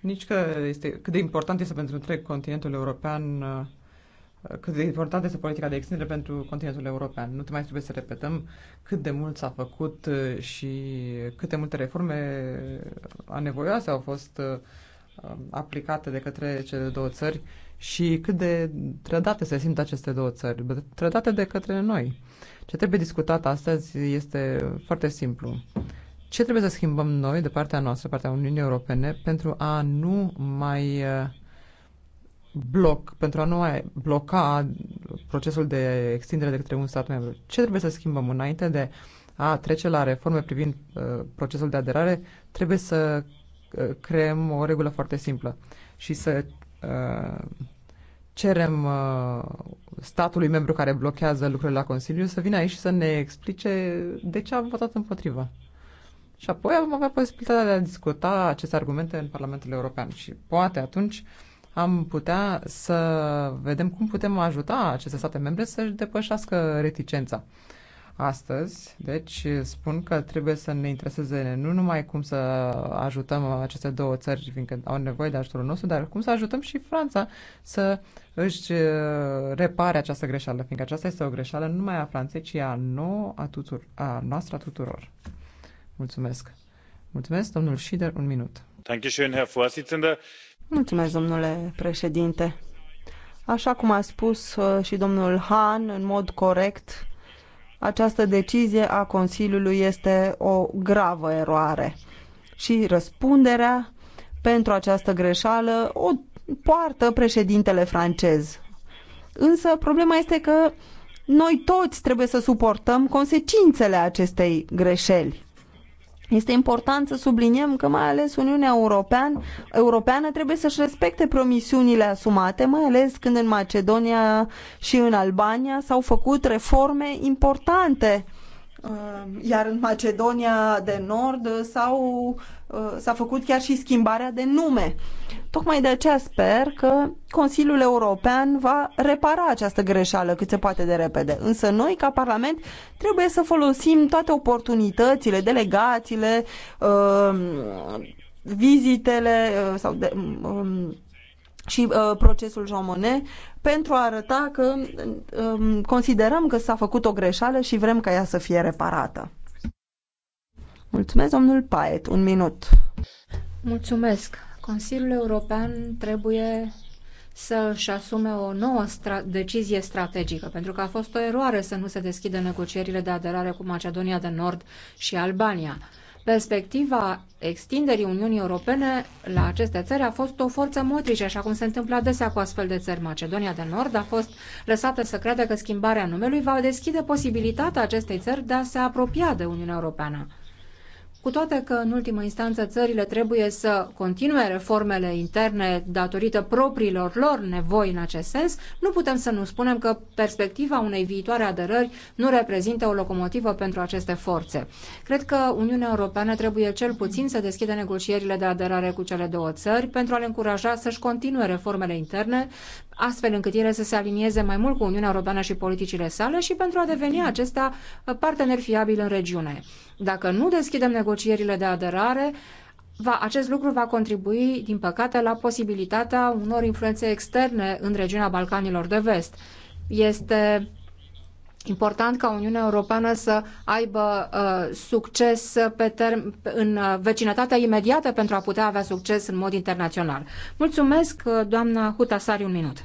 nici că este cât de important este pentru întreg continentul european cât de importantă este politica de extindere pentru continentul european. Nu te mai trebuie să repetăm cât de mult s-a făcut uh, și câte multe reforme anevoioase au fost uh, aplicate de către cele două țări și cât de trădate se simt aceste două țări, trădate de către noi. Ce trebuie discutat astăzi este foarte simplu. Ce trebuie să schimbăm noi de partea noastră, partea Uniunii Europene, pentru a nu mai uh, bloc, pentru a nu mai bloca procesul de extindere de către un stat membru. Ce trebuie să schimbăm înainte de a trece la reforme privind uh, procesul de aderare? Trebuie să uh, creăm o regulă foarte simplă și să uh, cerem uh, statului membru care blochează lucrurile la Consiliu să vină aici și să ne explice de ce a votat împotriva. Și apoi am avea posibilitatea de a discuta aceste argumente în Parlamentul European și poate atunci uh, am putea să vedem cum putem ajuta aceste state membre să-și depășească reticența. Astăzi, deci, spun că trebuie să ne intereseze nu numai cum să ajutăm aceste două țări, fiindcă au nevoie de ajutorul nostru, dar cum să ajutăm și Franța să își uh, repare această greșeală, fiindcă aceasta este o greșeală nu numai a Franței, ci a, nouă, a, tutur, a noastră a tuturor. Mulțumesc! Mulțumesc, domnul Schider, un minut. Dankeschön, Herr Vorsitzender. Mulțumesc, domnule președinte. Așa cum a spus uh, și domnul Han, în mod corect, această decizie a Consiliului este o gravă eroare și răspunderea pentru această greșeală o poartă președintele francez. Însă problema este că noi toți trebuie să suportăm consecințele acestei greșeli. Este important să subliniem că mai ales Uniunea European, Europeană trebuie să-și respecte promisiunile asumate, mai ales când în Macedonia și în Albania s-au făcut reforme importante Ehm, iar în Macedonia de Nord s-au, eh, s-a făcut chiar și schimbarea de nume. Tocmai de aceea sper că Consiliul European va repara această greșeală cât se poate de repede. Însă noi, ca Parlament, trebuie să folosim toate oportunitățile, delegațiile, ehm, vizitele eh, sau de, mm, mm, și uh, procesul Monnet pentru a arăta că um, considerăm că s-a făcut o greșeală și vrem ca ea să fie reparată. Mulțumesc, domnul Paet. Un minut. Mulțumesc. Consiliul European trebuie să își asume o nouă stra- decizie strategică, pentru că a fost o eroare să nu se deschidă negocierile de aderare cu Macedonia de Nord și Albania. Perspectiva extinderii Uniunii Europene la aceste țări a fost o forță motrice, așa cum se întâmplă adesea cu astfel de țări. Macedonia de Nord a fost lăsată să creadă că schimbarea numelui va deschide posibilitatea acestei țări de a se apropia de Uniunea Europeană. Cu toate că, în ultimă instanță, țările trebuie să continue reformele interne datorită propriilor lor nevoi în acest sens, nu putem să nu spunem că perspectiva unei viitoare aderări nu reprezintă o locomotivă pentru aceste forțe. Cred că Uniunea Europeană trebuie cel puțin să deschidă negocierile de aderare cu cele două țări pentru a le încuraja să-și continue reformele interne, astfel încât ele să se alinieze mai mult cu Uniunea Europeană și politicile sale și pentru a deveni acesta partener fiabil în regiune. Dacă nu deschidem negocierile de aderare, va, acest lucru va contribui, din păcate, la posibilitatea unor influențe externe în regiunea Balcanilor de Vest. Este important ca Uniunea Europeană să aibă uh, succes pe term- în uh, vecinătatea imediată pentru a putea avea succes în mod internațional. Mulțumesc, uh, doamna Hutasari, un minut.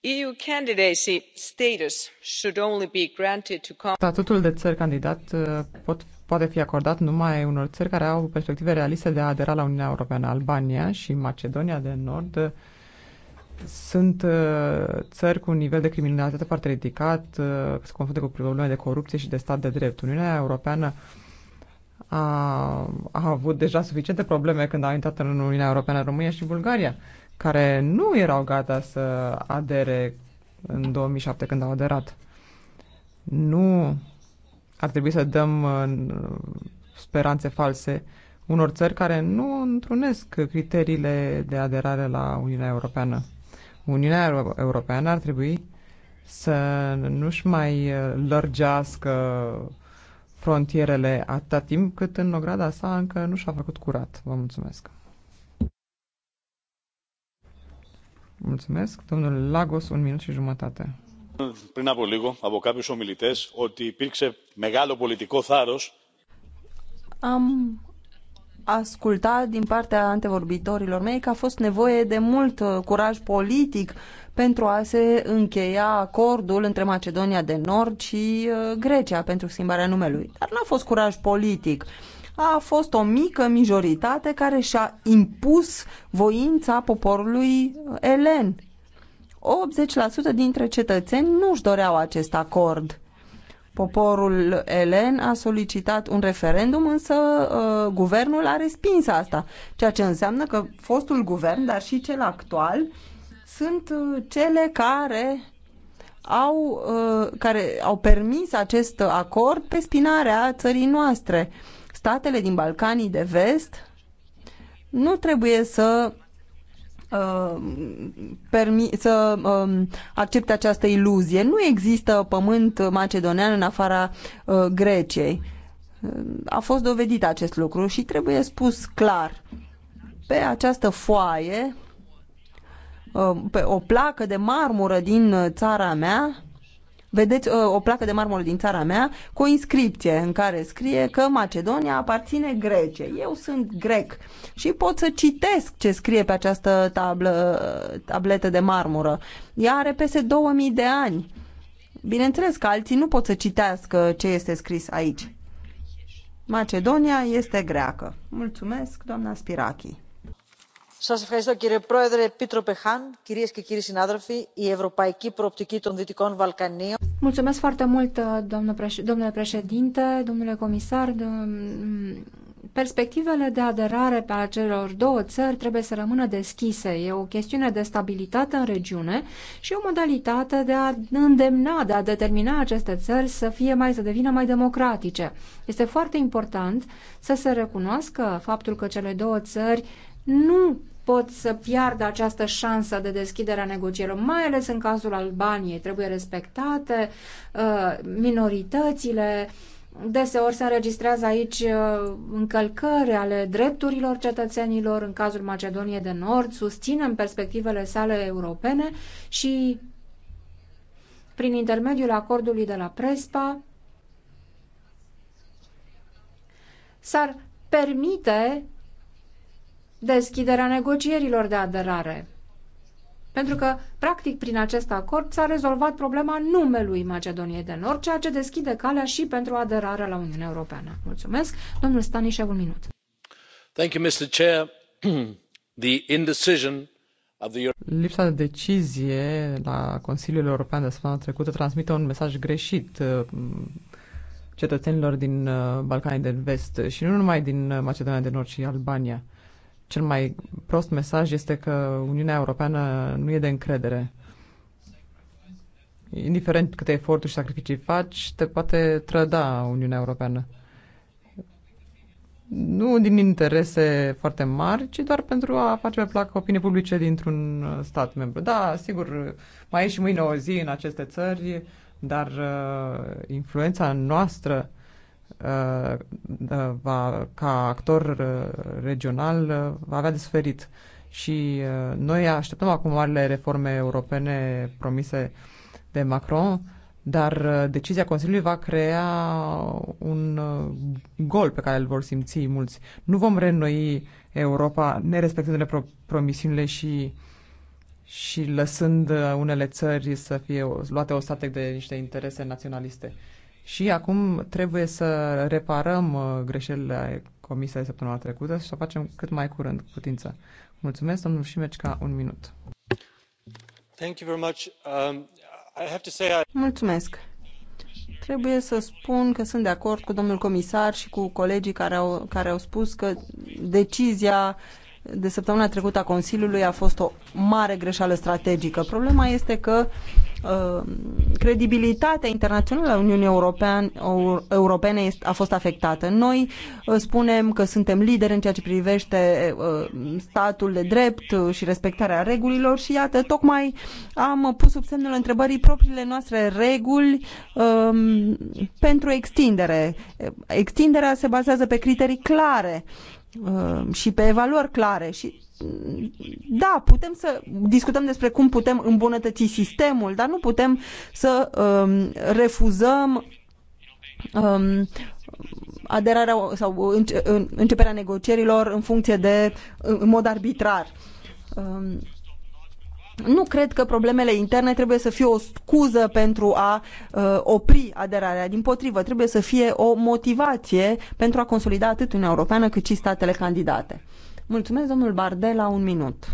EU candidacy status should only be granted to Statutul de țări candidat uh, pot, poate fi acordat numai unor țări care au perspective realiste de a adera la Uniunea Europeană. Albania și Macedonia de Nord sunt uh, țări cu un nivel de criminalitate foarte ridicat, uh, se confundă cu probleme de corupție și de stat de drept. Uniunea Europeană a, a avut deja suficiente probleme când a intrat în Uniunea Europeană România și Bulgaria, care nu erau gata să adere în 2007 când au aderat. Nu ar trebui să dăm uh, speranțe false unor țări care nu întrunesc criteriile de aderare la Uniunea Europeană. Uniunea Europeană ar trebui să nu-și mai uh, lărgească frontierele atâta timp cât în ograda sa încă nu și-a făcut curat. Vă mulțumesc. Mulțumesc. Domnul Lagos, un minut și jumătate. Prin από λίγο, από κάποιου ομιλητέ, ότι υπήρξε μεγάλο πολιτικό θάρρο. Am ascultat din partea antevorbitorilor mei că a fost nevoie de mult uh, curaj politic pentru a se încheia acordul între Macedonia de Nord și uh, Grecia pentru schimbarea numelui. Dar n-a fost curaj politic. A fost o mică majoritate care și-a impus voința poporului elen. 80% dintre cetățeni nu-și doreau acest acord Poporul elen a solicitat un referendum, însă uh, guvernul a respins asta, ceea ce înseamnă că fostul guvern, dar și cel actual, sunt uh, cele care au, uh, care au permis acest acord pe spinarea țării noastre. Statele din Balcanii de Vest nu trebuie să Uh, să um, accepte această iluzie. Nu există pământ macedonean în afara uh, Greciei. Uh, a fost dovedit acest lucru și trebuie spus clar. Pe această foaie, pe o placă de marmură din țara mea, vedeți uh, o placă de marmură din țara mea cu o inscripție în care scrie că Macedonia aparține Grecie. Eu sunt grec și pot să citesc ce scrie pe această tablă, uh, tabletă de marmură. Ea are peste 2000 de ani. Bineînțeles că alții nu pot să citească ce este scris aici. Macedonia este greacă. Mulțumesc, doamna Spirachii domnule președinte domnule președinte domnule comisar perspectivele de aderare ale celor două țări trebuie să rămână deschise. E o chestiune de stabilitate în regiune și o modalitate de a îndemna, de a determina aceste țări să fie mai, să devină mai democratice. Este foarte important să se recunoască faptul că cele două țări nu pot să piardă această șansă de deschidere a negocierilor, mai ales în cazul Albaniei. Trebuie respectate uh, minoritățile. Deseori se înregistrează aici uh, încălcări ale drepturilor cetățenilor. În cazul Macedoniei de Nord, susținem perspectivele sale europene și prin intermediul acordului de la Prespa s-ar permite deschiderea negocierilor de aderare. Pentru că, practic, prin acest acord s-a rezolvat problema numelui Macedoniei de Nord, ceea ce deschide calea și pentru aderarea la Uniunea Europeană. Mulțumesc. Domnul Stanișev, un minut. Thank you, Mr. Chair. The indecision Lipsa de decizie la Consiliul European de săptămâna trecută transmite un mesaj greșit uh, cetățenilor din uh, Balcanii de Vest și nu numai din uh, Macedonia de Nord și Albania. Cel mai prost mesaj este că Uniunea Europeană nu e de încredere. Indiferent câte eforturi și sacrificii faci, te poate trăda Uniunea Europeană. Nu din interese foarte mari, ci doar pentru a face pe plac opinii publice dintr-un stat membru. Da, sigur, mai e și mâine o zi în aceste țări, dar uh, influența noastră Uh, uh, va, ca actor uh, regional va avea de suferit. Și noi așteptăm acum marile reforme europene promise de Macron, dar decizia Consiliului va crea un gol pe care îl vor simți mulți. Nu vom reînnoi Europa nerespectându-ne pro- promisiunile și și lăsând unele țări să fie luate ostatec de niște interese naționaliste. Și acum trebuie să reparăm uh, greșelile comise de săptămâna trecută și să o facem cât mai curând cu putință. Mulțumesc, domnul Șimecica, un minut. Thank you very much. Um, I have to say I... Mulțumesc. Trebuie să spun că sunt de acord cu domnul comisar și cu colegii care au, care au spus că decizia de săptămâna trecută a Consiliului a fost o mare greșeală strategică. Problema este că uh, Uh, credibilitatea internațională a Uniunii Europene a fost afectată. Noi uh, spunem că suntem lideri în ceea ce privește uh, statul de drept și respectarea regulilor și iată, tocmai am pus sub semnul întrebării propriile noastre reguli um, pentru extindere. Extinderea se bazează pe criterii clare și pe evaluări clare și da, putem să discutăm despre cum putem îmbunătăți sistemul, dar nu putem să um, refuzăm um, aderarea sau înce începerea negocierilor în funcție de în mod arbitrar. Um, nu cred că problemele interne trebuie să fie o scuză pentru a uh, opri aderarea. Din potrivă, trebuie să fie o motivație pentru a consolida atât Uniunea Europeană cât și statele candidate. Mulțumesc, domnul la un minut.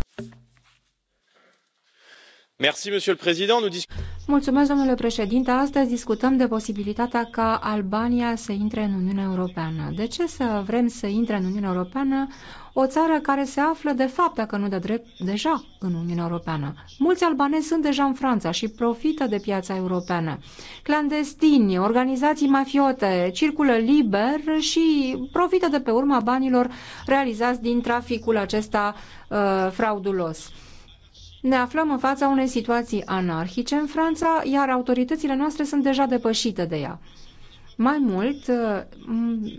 Mulțumesc, domnule președinte. Astăzi discutăm de posibilitatea ca Albania să intre în Uniunea Europeană. De ce să vrem să intre în Uniunea Europeană o țară care se află de fapt, dacă nu de drept, deja în Uniunea Europeană. Mulți albanezi sunt deja în Franța și profită de piața europeană. Clandestini, organizații mafiote circulă liber și profită de pe urma banilor realizați din traficul acesta uh, fraudulos. Ne aflăm în fața unei situații anarhice în Franța, iar autoritățile noastre sunt deja depășite de ea. Mai mult, uh,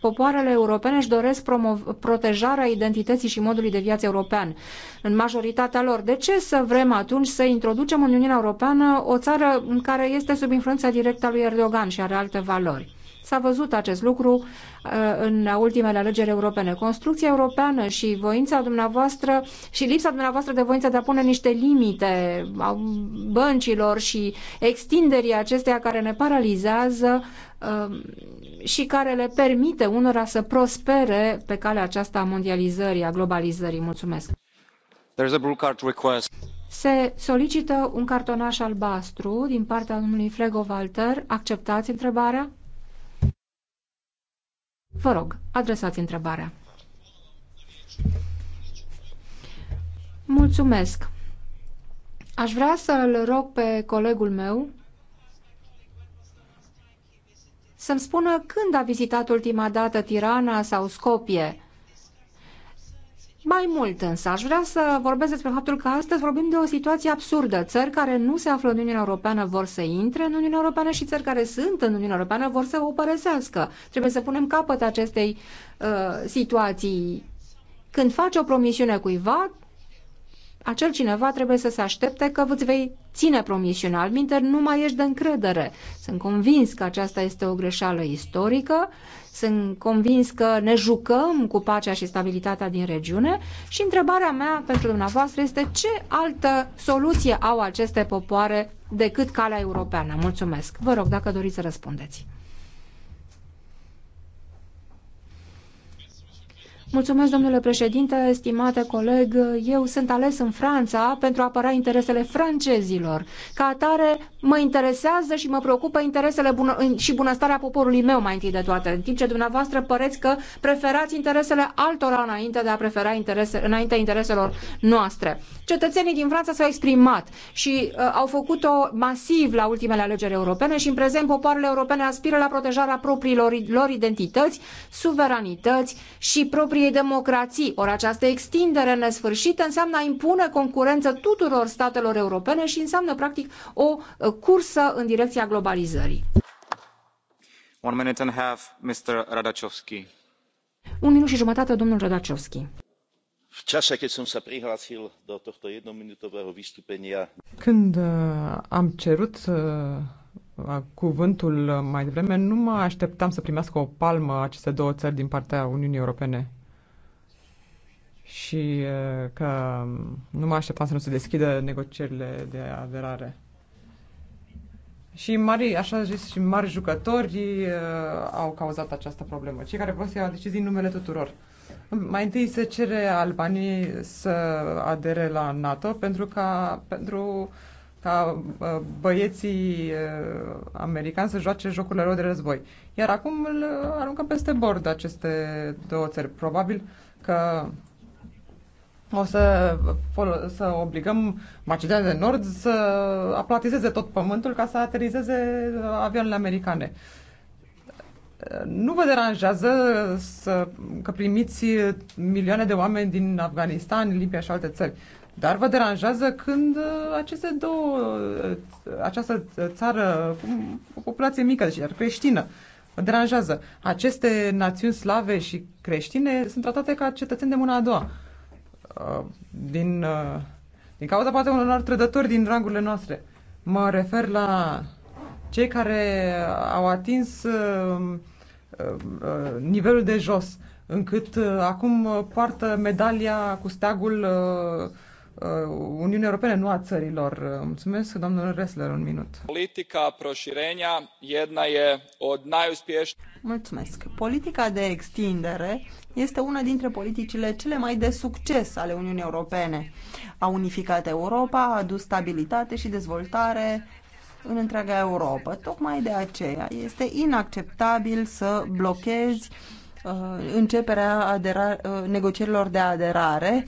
popoarele europene își doresc protejarea identității și modului de viață european în majoritatea lor. De ce să vrem atunci să introducem în Uniunea Europeană o țară în care este sub influența directă a lui Erdogan și are alte valori? S-a văzut acest lucru uh, în ultimele alegeri europene. Construcția europeană și voința dumneavoastră și lipsa dumneavoastră de voință de a pune niște limite a băncilor și extinderii acesteia care ne paralizează um, și care le permite unora să prospere pe calea aceasta a mondializării, a globalizării. Mulțumesc! There's a blue card request. Se solicită un cartonaș albastru din partea domnului Frego Walter. Acceptați întrebarea? Vă rog, adresați întrebarea. Mulțumesc. Aș vrea să-l rog pe colegul meu să-mi spună când a vizitat ultima dată Tirana sau Scopie mai mult însă, aș vrea să vorbesc despre faptul că astăzi vorbim de o situație absurdă. Țări care nu se află în Uniunea Europeană vor să intre în Uniunea Europeană și țări care sunt în Uniunea Europeană vor să o părăsească. Trebuie să punem capăt acestei uh, situații. Când faci o promisiune cuiva, acel cineva trebuie să se aștepte că îți vei ține promisiunea, alminter nu mai ești de încredere. Sunt convins că aceasta este o greșeală istorică, sunt convins că ne jucăm cu pacea și stabilitatea din regiune și întrebarea mea pentru dumneavoastră este ce altă soluție au aceste popoare decât calea europeană. Mulțumesc. Vă rog, dacă doriți să răspundeți. Mulțumesc, domnule președinte, stimate coleg. Eu sunt ales în Franța pentru a apăra interesele francezilor. Ca atare, mă interesează și mă preocupă interesele bună- și bunăstarea poporului meu mai întâi de toate, în timp ce dumneavoastră păreți că preferați interesele altora înainte de a prefera interese, înainte intereselor noastre. Cetățenii din Franța s-au exprimat și uh, au făcut-o masiv la ultimele alegeri europene și în prezent popoarele europene aspiră la protejarea propriilor lor identități, suveranități și proprii propriei democrații. Ori această extindere nesfârșită înseamnă a impune concurență tuturor statelor europene și înseamnă practic o uh, cursă în direcția globalizării. One minute and a half, Mr. Radachowski. Un minut și jumătate, domnul Radachowski. V čase, keď som sa prihlásil do tohto vystúpenia... Când uh, am cerut uh, cuvântul mai devreme, nu mă așteptam să primească o palmă aceste două țări din partea Uniunii Europene și uh, că nu mă așteptam să nu se deschidă negocierile de aderare. Și mari, așa zis, și mari jucători uh, au cauzat această problemă, cei care vor să ia decizii în numele tuturor. Mai întâi se cere albanii să adere la NATO pentru ca, pentru ca uh, băieții uh, americani să joace jocurile lor de război. Iar acum îl aruncă peste bord aceste două țări. Probabil că o să, să obligăm Macedonia de Nord să aplatizeze tot pământul ca să aterizeze uh, avioanele americane. Nu vă deranjează să, că primiți milioane de oameni din Afganistan, Libia și alte țări, dar vă deranjează când uh, aceste două, uh, această țară cu um, o populație mică, deci iar creștină, Vă deranjează. Aceste națiuni slave și creștine sunt tratate ca cetățeni de mâna a doua. Uh, din, uh, din cauza poate unor trădători din rangurile noastre. Mă refer la cei care au atins uh, nivelul de jos, încât acum poartă medalia cu steagul Uh, Uniunii Europene, nu a țărilor. Uh, mulțumesc, domnul Ressler, un minut. Politica proșirenia jedna e od najuspješnijih. Mulțumesc. Politica de extindere este una dintre politicile cele mai de succes ale Uniunii Europene. A unificat Europa, a adus stabilitate și dezvoltare în întreaga Europa. Tocmai de aceea este inacceptabil să blochezi uh, începerea adera- uh, negocierilor de aderare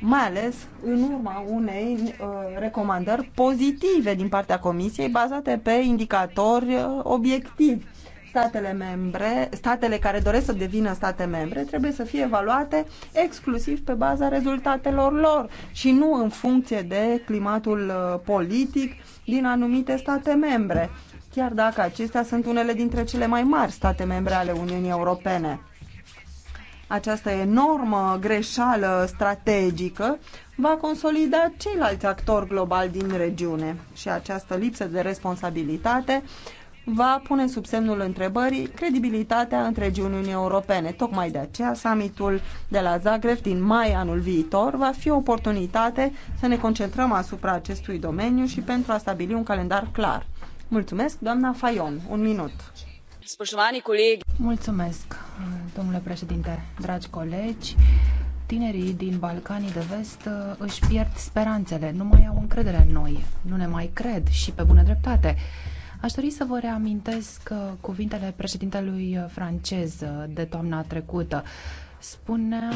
mai ales în urma unei uh, recomandări pozitive din partea Comisiei bazate pe indicatori uh, obiectivi. Statele, membre, statele care doresc să devină state membre trebuie să fie evaluate exclusiv pe baza rezultatelor lor și nu în funcție de climatul uh, politic din anumite state membre, chiar dacă acestea sunt unele dintre cele mai mari state membre ale Uniunii Europene această enormă greșeală strategică va consolida ceilalți actori globali din regiune și această lipsă de responsabilitate va pune sub semnul întrebării credibilitatea întregii Uniunii Europene. Tocmai de aceea, summitul de la Zagreb din mai anul viitor va fi o oportunitate să ne concentrăm asupra acestui domeniu și pentru a stabili un calendar clar. Mulțumesc, doamna Fayon. Un minut. Mulțumesc, domnule președinte, dragi colegi. Tinerii din Balcanii de Vest uh, își pierd speranțele, nu mai au încredere în noi, nu ne mai cred și pe bună dreptate. Aș dori să vă reamintesc uh, cuvintele președintelui uh, francez de toamna trecută. Spunea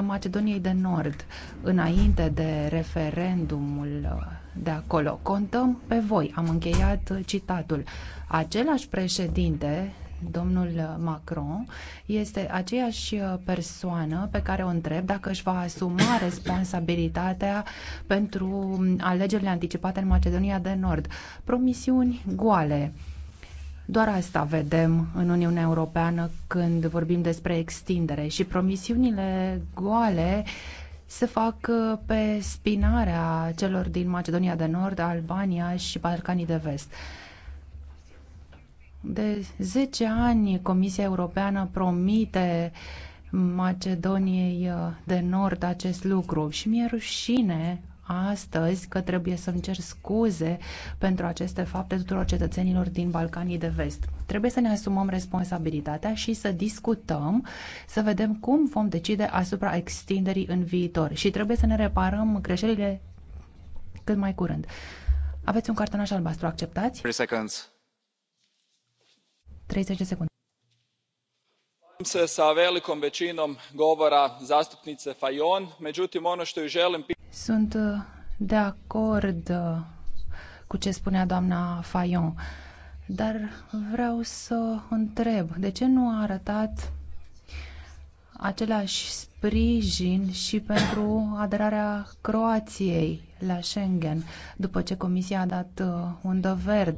Macedoniei de Nord, înainte de referendumul de acolo. Contăm pe voi. Am încheiat citatul. Același președinte domnul Macron este aceeași persoană pe care o întreb dacă își va asuma responsabilitatea pentru alegerile anticipate în Macedonia de Nord. Promisiuni goale. Doar asta vedem în Uniunea Europeană când vorbim despre extindere și promisiunile goale uh, se fac uh, pe spinarea celor din Macedonia de Nord, Albania și Balcanii de Vest. De 10 ani Comisia Europeană promite Macedoniei uh, de Nord acest lucru și mi-e rușine astăzi că trebuie să-mi cer scuze pentru aceste fapte tuturor cetățenilor din Balcanii de Vest. Trebuie să ne asumăm responsabilitatea și să discutăm, să vedem cum vom decide asupra extinderii în viitor și trebuie să ne reparăm greșelile cât mai curând. Aveți un cartonaș albastru, acceptați? 30 seconds. 30 de secunde slažem se s velikom većinom govora zastupnice fajon međutim ono što ju želim. Sunt uh, de acord uh, cu ce spunea doamna Fayon, dar vreau să întreb, de ce nu a arătat același sprijin și pentru aderarea Croației la Schengen, după ce Comisia a dat uh, undă verde?